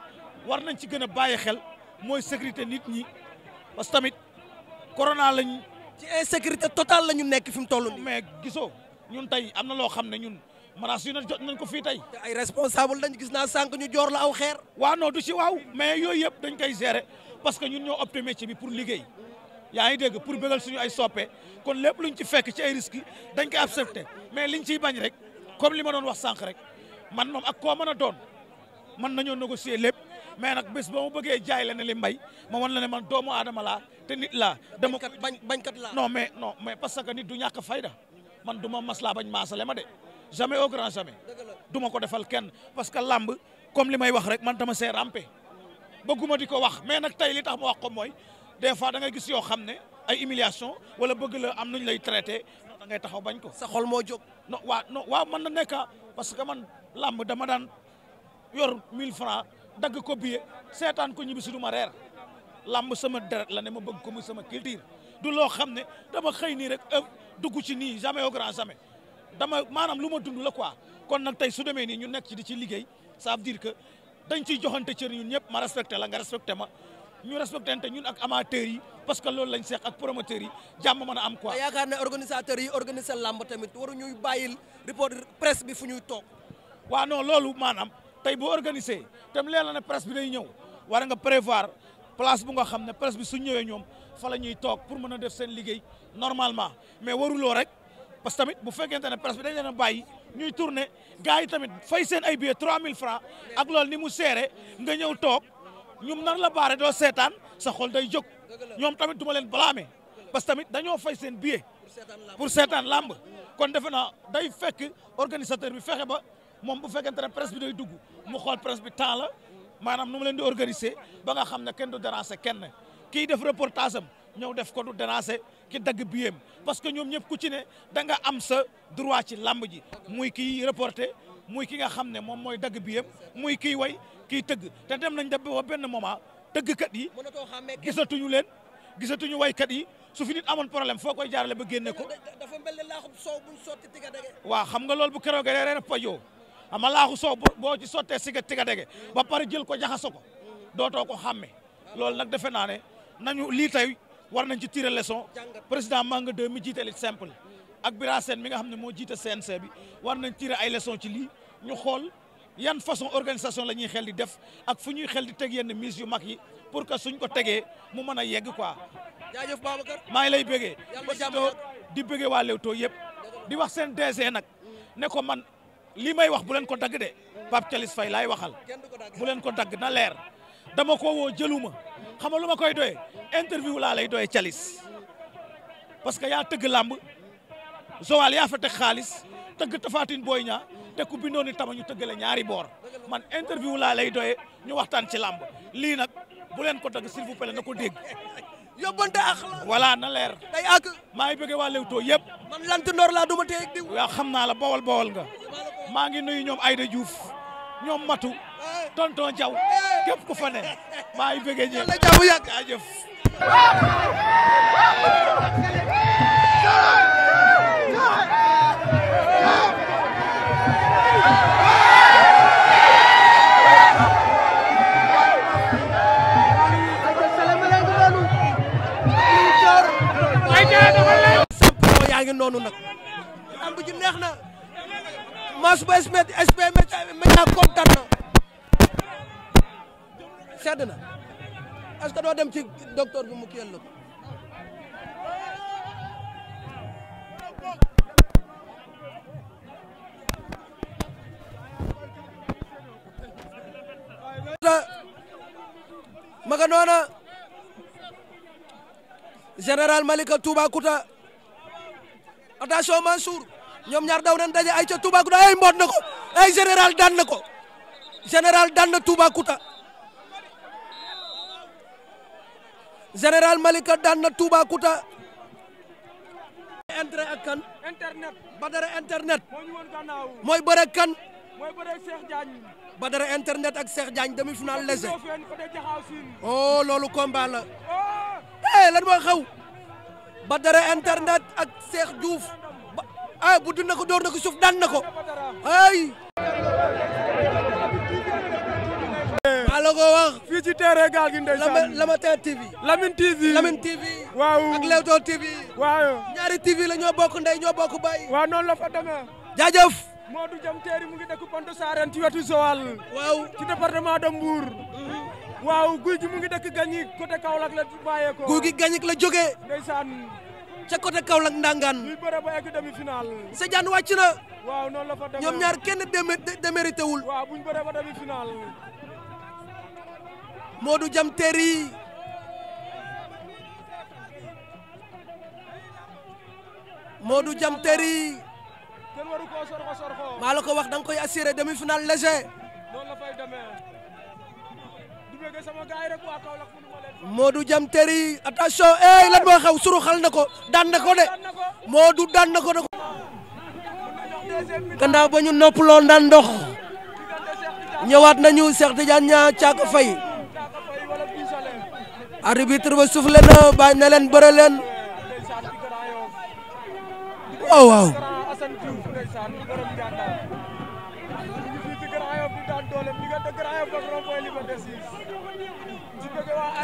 war nañ ci gën a bàyyi xel mooy sécurité nit ñi parce que tamit corona lañ. ci insécurité totale la ñu nekk fi mu toll nii. gisoo ñun tey am na loo xam ne ñun. menaces yu ne jot nañ ko fii tey. te ay responsable dañ gis naa sànq ñu joor la aw xeer. waaw non du ci waaw mais yooyu yëpp dañ koy gérer parce que ñun ñoo opté métier bi pour liggéey yaa ngi dégg pour bégal suñu ay soppe kon lépp luñ ci fekk ci ay risques dañ koy accepté mais liñ ciy bañ rek comme li ma doon wax sànq rek man moom ak koo mën a doon mën nañoo négocier lépp mais nag bés boo ma bëggee jaay la ne li mbay ma wan la ne man doomu aadama laa te nit laa. dama bañ bañkat laa. non mais non mais parce que nit du ñàkk fayda man du ma mas laa bañ maasale ma de. jamais au grand jamais du ma ko defal kenn parce que làmb comme li may wax rek man dama see rampé bëgguma di ko wax mais nag tey li tax ma wax ko mooy des fois da ngay gis yoo xam ne ay humiliation wala bëgg la am nuñ lay traité da ngay taxaw bañ ko. sa xol moo jóg non waa man waaw mën na nekk ah. parce que man làmb dama daan yor mille francs dagg ko billet seetaan ko ñibbi si du ma reer làmb sama deret la ne ma bëgg ko muy sama culture du loo xam ne dama xëy nii rek euh, dugg ci nii jamais au grand dama maanaam lu ma dund la quoi kon nag tey su demee nii ñu nekk ci di ci liggéey ça veut dire que dañ ciy joxante cër ñun ñëpp ma respecté la nga respecté ma ñu respecté te ñun ak amateurs yi parce que loolu lañ seex ak promoteurs yi jàmm mën a am ko yaakaar ne organisateurs yi organiser lamba tamit ñuy bàyyil report presse bi fu ñuy toog. waa noo loolu maanaam tey bu organiser te leer la na presse bi day ñëw wara nga prévoir place bu nga xam ne presse bi su ñëwee ñoom fa la ñuy toog pour mën a def seen liggéey normalement mais waruloo rek. parce que tamit bu fekkente ne presse bi dañ leen a bàyyi ñuy tourner gars yi tamit fay seen ay biie billets 3000 francs ak loolu ni mu seere nga ñëw toog ñum nar la baare doo seetaan sa xool day jóg ñoom tamit du ma leen blâmer parce que tamit dañoo fay seen billet pour seetaan làmb kon defe naa day fekk organisateur bi fexe ba moom bu fekkente ne presse bi day dugg mu xool presse bi temps la maanaam nu leen di organiser ba nga xam ne kenn du déranger kenn kii def reportage am ñëw def ko du déranger ki dagg biyeem parce que ñoom ñëpp ku ci ne da nga am sa droit ci làmb ji muy kii reporter muy ki nga xam ne moom mooy dagg biyeem muy kii way kii tëgg te dem nañ def ba benn moment tëggkat yi gisatuñu leen gisatuñu waykat yi su fi nit amoon problème foo koy jaarale ba génnee ko waaw xam nga loolu bu keroog rek rek pajoo xam nga laaxu soow boo ci sottee siga tiga dege ba pare jël ko jaxaso ko dootoo ko xàmme loolu nag defe naa ne nañu lii tey war nañ ci tirer leçon président Manga 2 mi jiite lutte simple ak Bira Sène mi nga xam ne moo jiite CNC bi war nañ tirer ay leçon ci lii ñu xool yan façon organisation la ñuy xel di def ak fu ñuy xel di teg yenn mise yu mag yi pour que suñ ko tegee mu mën a yegg quoi. jaajëf Babacar maa ngi lay bëggee. di bëggee waa Leewtoo yëpp. di wax seen DG nag ne ko man li may wax bu leen ko dagg de Pape calis fay laay waxal bu leen ko dagg na leer dama ko woo jëluma xam nga lu ma koy doyee interview laa lay doyee calis parce que yaa tëgg làmb Joal yaa fa teg xaalis tëgg tafaatin booy ñaa te ku bindoo ni tama ñu tëggale ñaari boor man interview laa lay doyee ñu waxtaan ci làmb lii nag bu leen ko dagg s'il vous plaît na ko dégg. [laughs] yóbbante ak la voilà leer. tey ak maa ngi bëggee waa Leewtoo yëpp. man lant ndoor laa duma tey ak diw. yaa xam naa la bawal bawal nga. maa ngi nuyu ñoom Ayda Diouf ñoom Matu tonton Diaw. képp ku fa ne maa ngi bëggee ñëpp la jàmm yàgg a jëf yaa ngi noonu nag lamb ji neex na maas ba SP média kontaan na sedd na est que doo dem ci docteur bi mu kiyal ko maga général Malika Toubacouta attention Mansour ñoom ñaar daw nañ daje ay ca Toubacouta ay mboot na ko ay général daan ko général daan na Toubacouta général Malika daan na Toubacouta intérêt ak kan internet Badara internet mooy bëre kan mooy bëre Cheikh Diagne Badara internet ak Cheikh Diagne demi-finale lese oh loolu combat la eh lan moo Badara internet ak Cheikh Diouf ay ah, bu na ko door na ko suuf daan ko ay la ko wax. fii ci terrain gaal ak Leewtoo TV. ñaari TV la ñoo bokk ndey ñoo bokk bay. waaw noonu la fa Jam Teeri mu ngi dëkk Pointe Sarène ci wetu Joal. waaw ci département de mm-hmm. waaw guy gi mu ngi dëkk Gagnic côté Kaolack la bàyyeekoo. guy gi Gagnic la jógee. ndeysaan. ca côté Kaolack ndangaan. na. la fa demee ñoom ñaar kenn démérité wul. waaw Modou Jam Terry Modou Jam Terry maa la ko wax da koy assuré demi-finale léger Modou Jam Terry attention eh lan moo xew suru xal na ko daan na ko de Modou daan na ko de. gannaaw ba ñu noppaloo ndaan ndox ñëwaat nañu Cheikh Tidiane ñaa caako fay. arbitre ba soufflé na ah, na leen bëre leen waaw waaw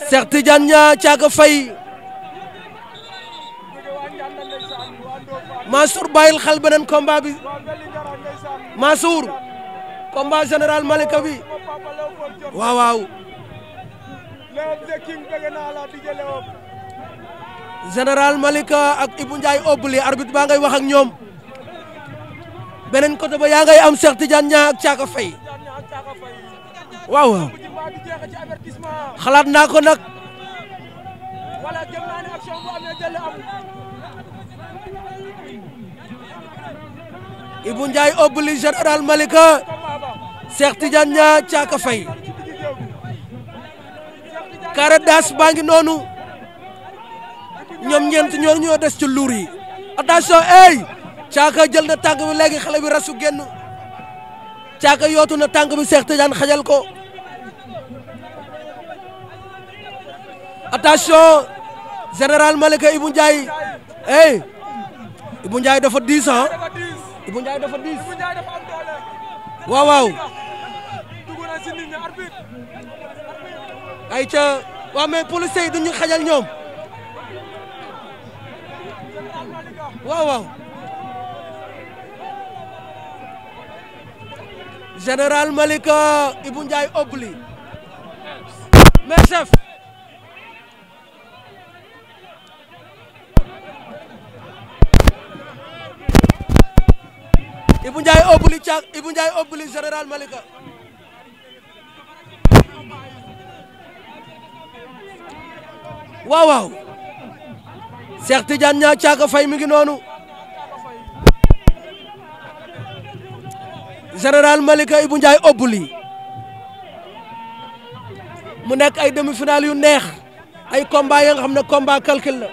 Cheikh Tidiane Niang Thiaka Faye Mansour bàyyil xel beneen combat bi Mansour combat général Malika bi waaw waaw Layob the King bëgg naa la DJ Malika ak Ibou Obli arbitre baa ngay wax ak ñoom beneen côté ba yaa ngay am Cheikh Tidiane Niang ak Thiaka Faye waaw waaw xalaat naa ko nag Ibou njaay Obli général Malika Cheikh Tidiane Niang Thiaka Faye karadaas baa ngi noonu ñoom ñeent ñoo ñoo des ci luur yi attention ey caaka jël na tànk bi léegi xale bi rasu génn caaka yootu na tànk bi Cheikh Tidiane xajal ko attention général Malika Ibou Ndiaye ey Ibou Ndiaye dafa diis ah Ibou Ndiaye dafa diis waaw waaw. ay ca waaw mais policiers yi duñu xajal ñoom waaw waaw général Malika Ibou obli mais chef Ibou obli ca Ibou obli général Malika waaw waaw Cheikh Tidiane ñaa caaka fay mi ngi noonu général Malika Ibou Ndiaye Obli mu nekk ay demi-finale yu neex ay combat ya xam ne combat calcul la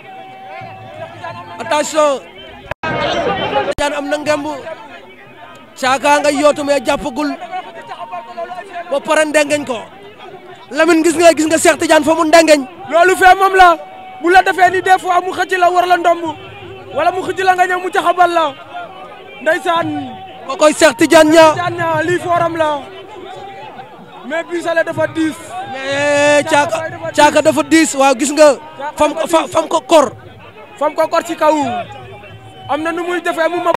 attention Tidiane am na ngemb caaka nga yootu mais jàppagul ba pare ndengeñ ko Lamine gis nga gis nga Cheikh Tidiane fa mu ndengeñ loolu fee moom la bu la defee ni des fois mu xëcc la war la ndomb wala mu xëcc la nga ñëw mu caxabal la ndeysaan ko koy Cheikh Tidiane ñaa lii fooram la mais Bussalé dafa diis mais eh, caaka caaka dafa diis waaw gis nga fam ko fam ko kor fam ko kor ci kaw am na nu muy defee mu ma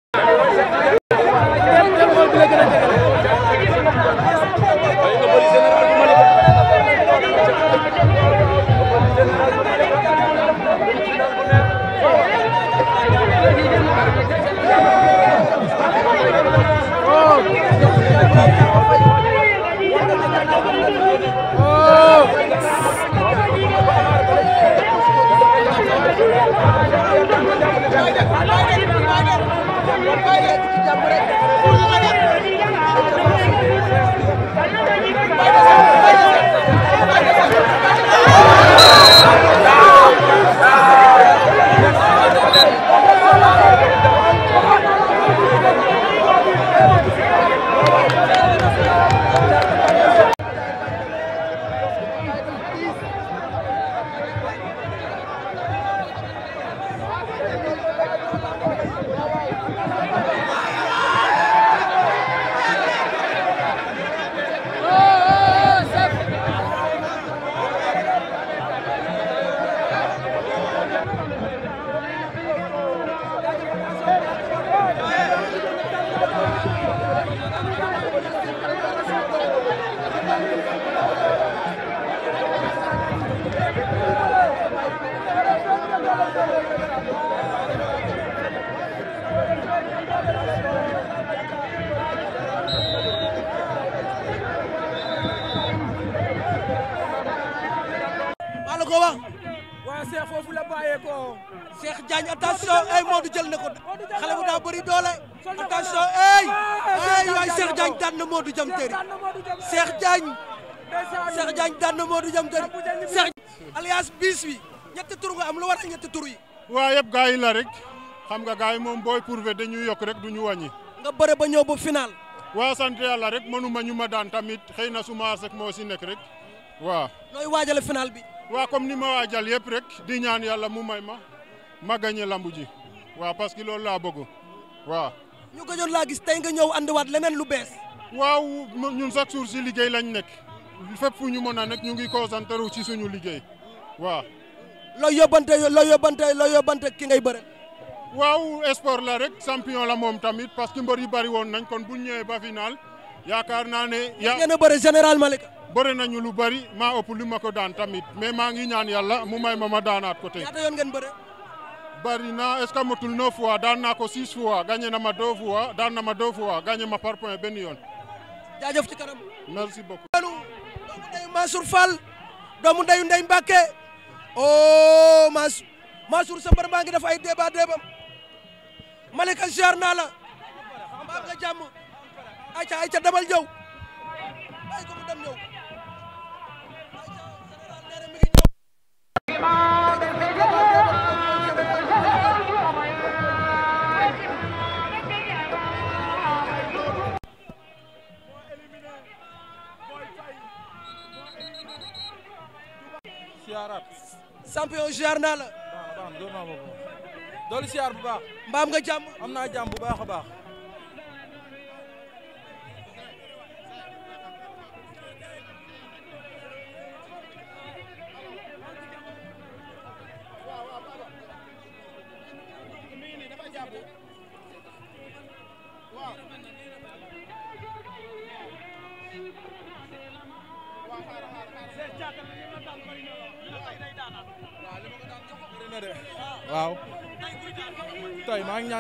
Modou Jam Teri Cheikh Diagne Cheikh Diagne daan na Modou Jam Teri Cheikh alias bis bi ñetti tur nga am lu war a ñetti tur yi waaw yëpp gars yi la rek xam nga gars yi moom booy pourvé dañuy yokk rek du ñu wàññi nga bëre ba ñëw ba final waaw sant yàlla rek mënuma ñu ma daan tamit xëy na suma rek moo si nekk rek waaw nooy waajale final bi waa comme ni ma waajal yëpp rek di ñaan yàlla mu may ma ma gagné lambu ji waaw parce que loolu laa bëgg waaw ñu gëjoon gis tey nga ñëw andiwaat leneen lu bees waaw ñun chaque jour si liggéey lañ nekk fépp fu ñu mën a nekk ñu ngi concentré ci suñu liggéey waaw. loo yóbbante loo yóbbante loo yóbbante ki ngay bëre. waaw sport la rek champion la moom tamit parce que mbër yu bari woon nañ kon buñ ñëwee ba final yaakaar naa ne. yaa ngeen a bëre général Malick. bëre nañu lu bari maa ëpp li ma ko daan mais maa ngi ñaan yàlla mu may ma ma daanaat ko tey. ñaata yoon ngeen bëre. bari na est ce que matul fois daan naa ko six fois gagné na ma deux fois daan na ma deux fois gagné ma par point benn yoon. jaajëf ci kanam merci beaucoup doomu ndeyu Mansour Fall doomu ndeyu Ndeye Mbacke o oh, Mansour Mansour sa maa ngi def ay débat débam Malika ziar naa la mbaam nga jàmm ayca ayca demal ñëw ziaraat. champion ziar naa la. waaw waaw doon bu baax. mbaam nga jàmm. am naa jàmm bu baax a baax.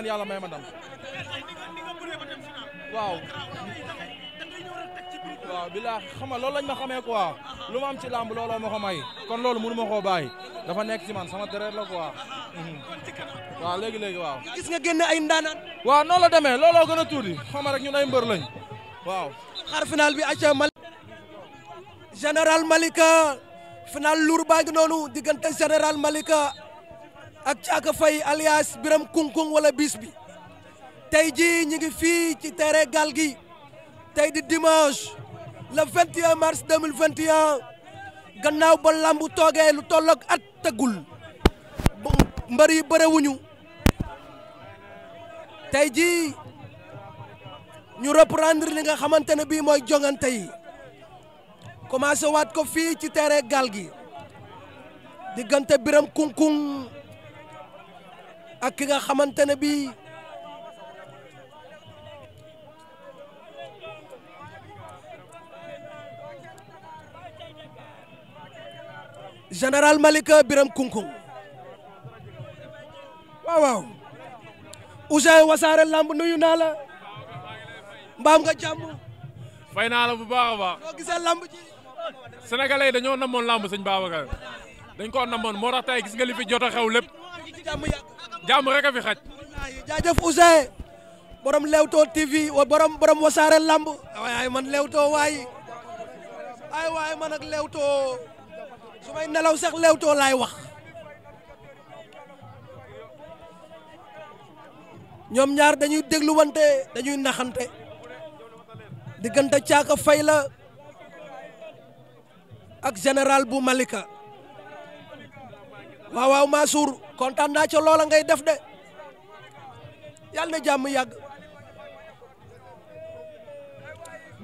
yàlla may ma waaw waaw bilaa xam nga lu ma ci làmb looloo ma may kon loolu mënu ma koo dafa nekk ci sama deret la quoi mhm. waaw léegi léegi waaw. gis nga génne ay la looloo gën a tuuti xam nga rek ñun ay mbër lañ waaw. xar final bi acca Malick. général Malika final lourd baa noonu diggante général Malika. ak Caaka Fay alias Biram Kunkung wala biis bi tey ji ñu ngi fii ci terrain Gaal Gui tey di dimanche le 21 mars 2021 gannaaw ba làmb toogee lu tolloog at tëggul mbër yi bërewuñu tey ji ñu reprendre li nga xamante ne bii mooy jongante yi commencé waat ko fii ci terrain Gaal Gui diggante Biram Kunkung ak ki nga xamante ne bii général Malika Biram Kunkung waaw waaw Ouzin Wassare Lamb nuyu naa la mbaam nga jàmm fay naa la bu baax a baax soo gisee lamb ji sénégalais yi dañoo namoon lamb sëñ Babacar dañ namoon moo tax gis nga li fi jot a xew lépp jàmm rek a fi xaj. jaajëf Ouzin borom Leewtoo TV borom borom wasaare lamb waaye man Leewtoo waay ay waay man ak Leewtoo su may nelaw sax Leewtoo lay wax ñoom ñaar dañuy dégluwante dañuy naxante diggante Caaka Fay la ak général bu Malika waaw waaw Mansour kontaan naa ca loola ngay def de yàlla na jàmm yàgg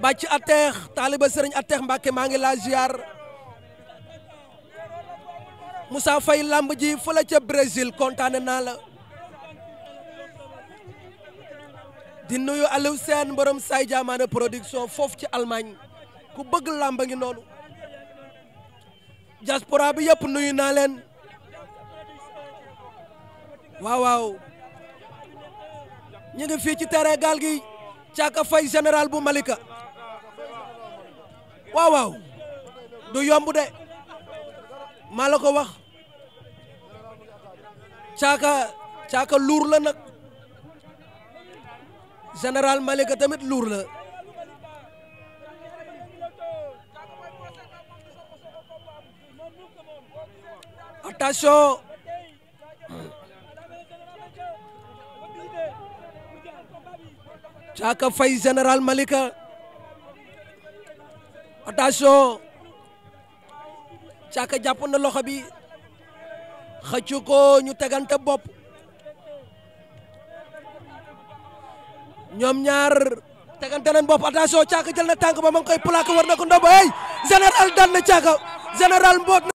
bac atteex taaliba sëriñ atteex Mbàkke maa ngi laa ziar Moussa fay làmb ji fële ca Brésil kontaane naa la di nuyu Aliou Sène borom say jaamaane production foofu ci almaañ ku bëgg làmb ngi noonu diaspora bi yëpp nuyu naa leen waaw waaw ñu ngi fii ci terrain gaal gi Thiaka Faye général bu Malika waaw waaw du yomb de maa la ko wax Thiaka Thiaka luur la nag général Malika tamit luur la attention Caaka Faye général Malika attention Caaka jàpp na loxo bi xëccu ko ñu tegante bopp ñoom ñaar tegante nañ bopp attention Caaka jël na tànk ba ma ngi koy plaqué war na ko ndombo général daan Caaka général mboot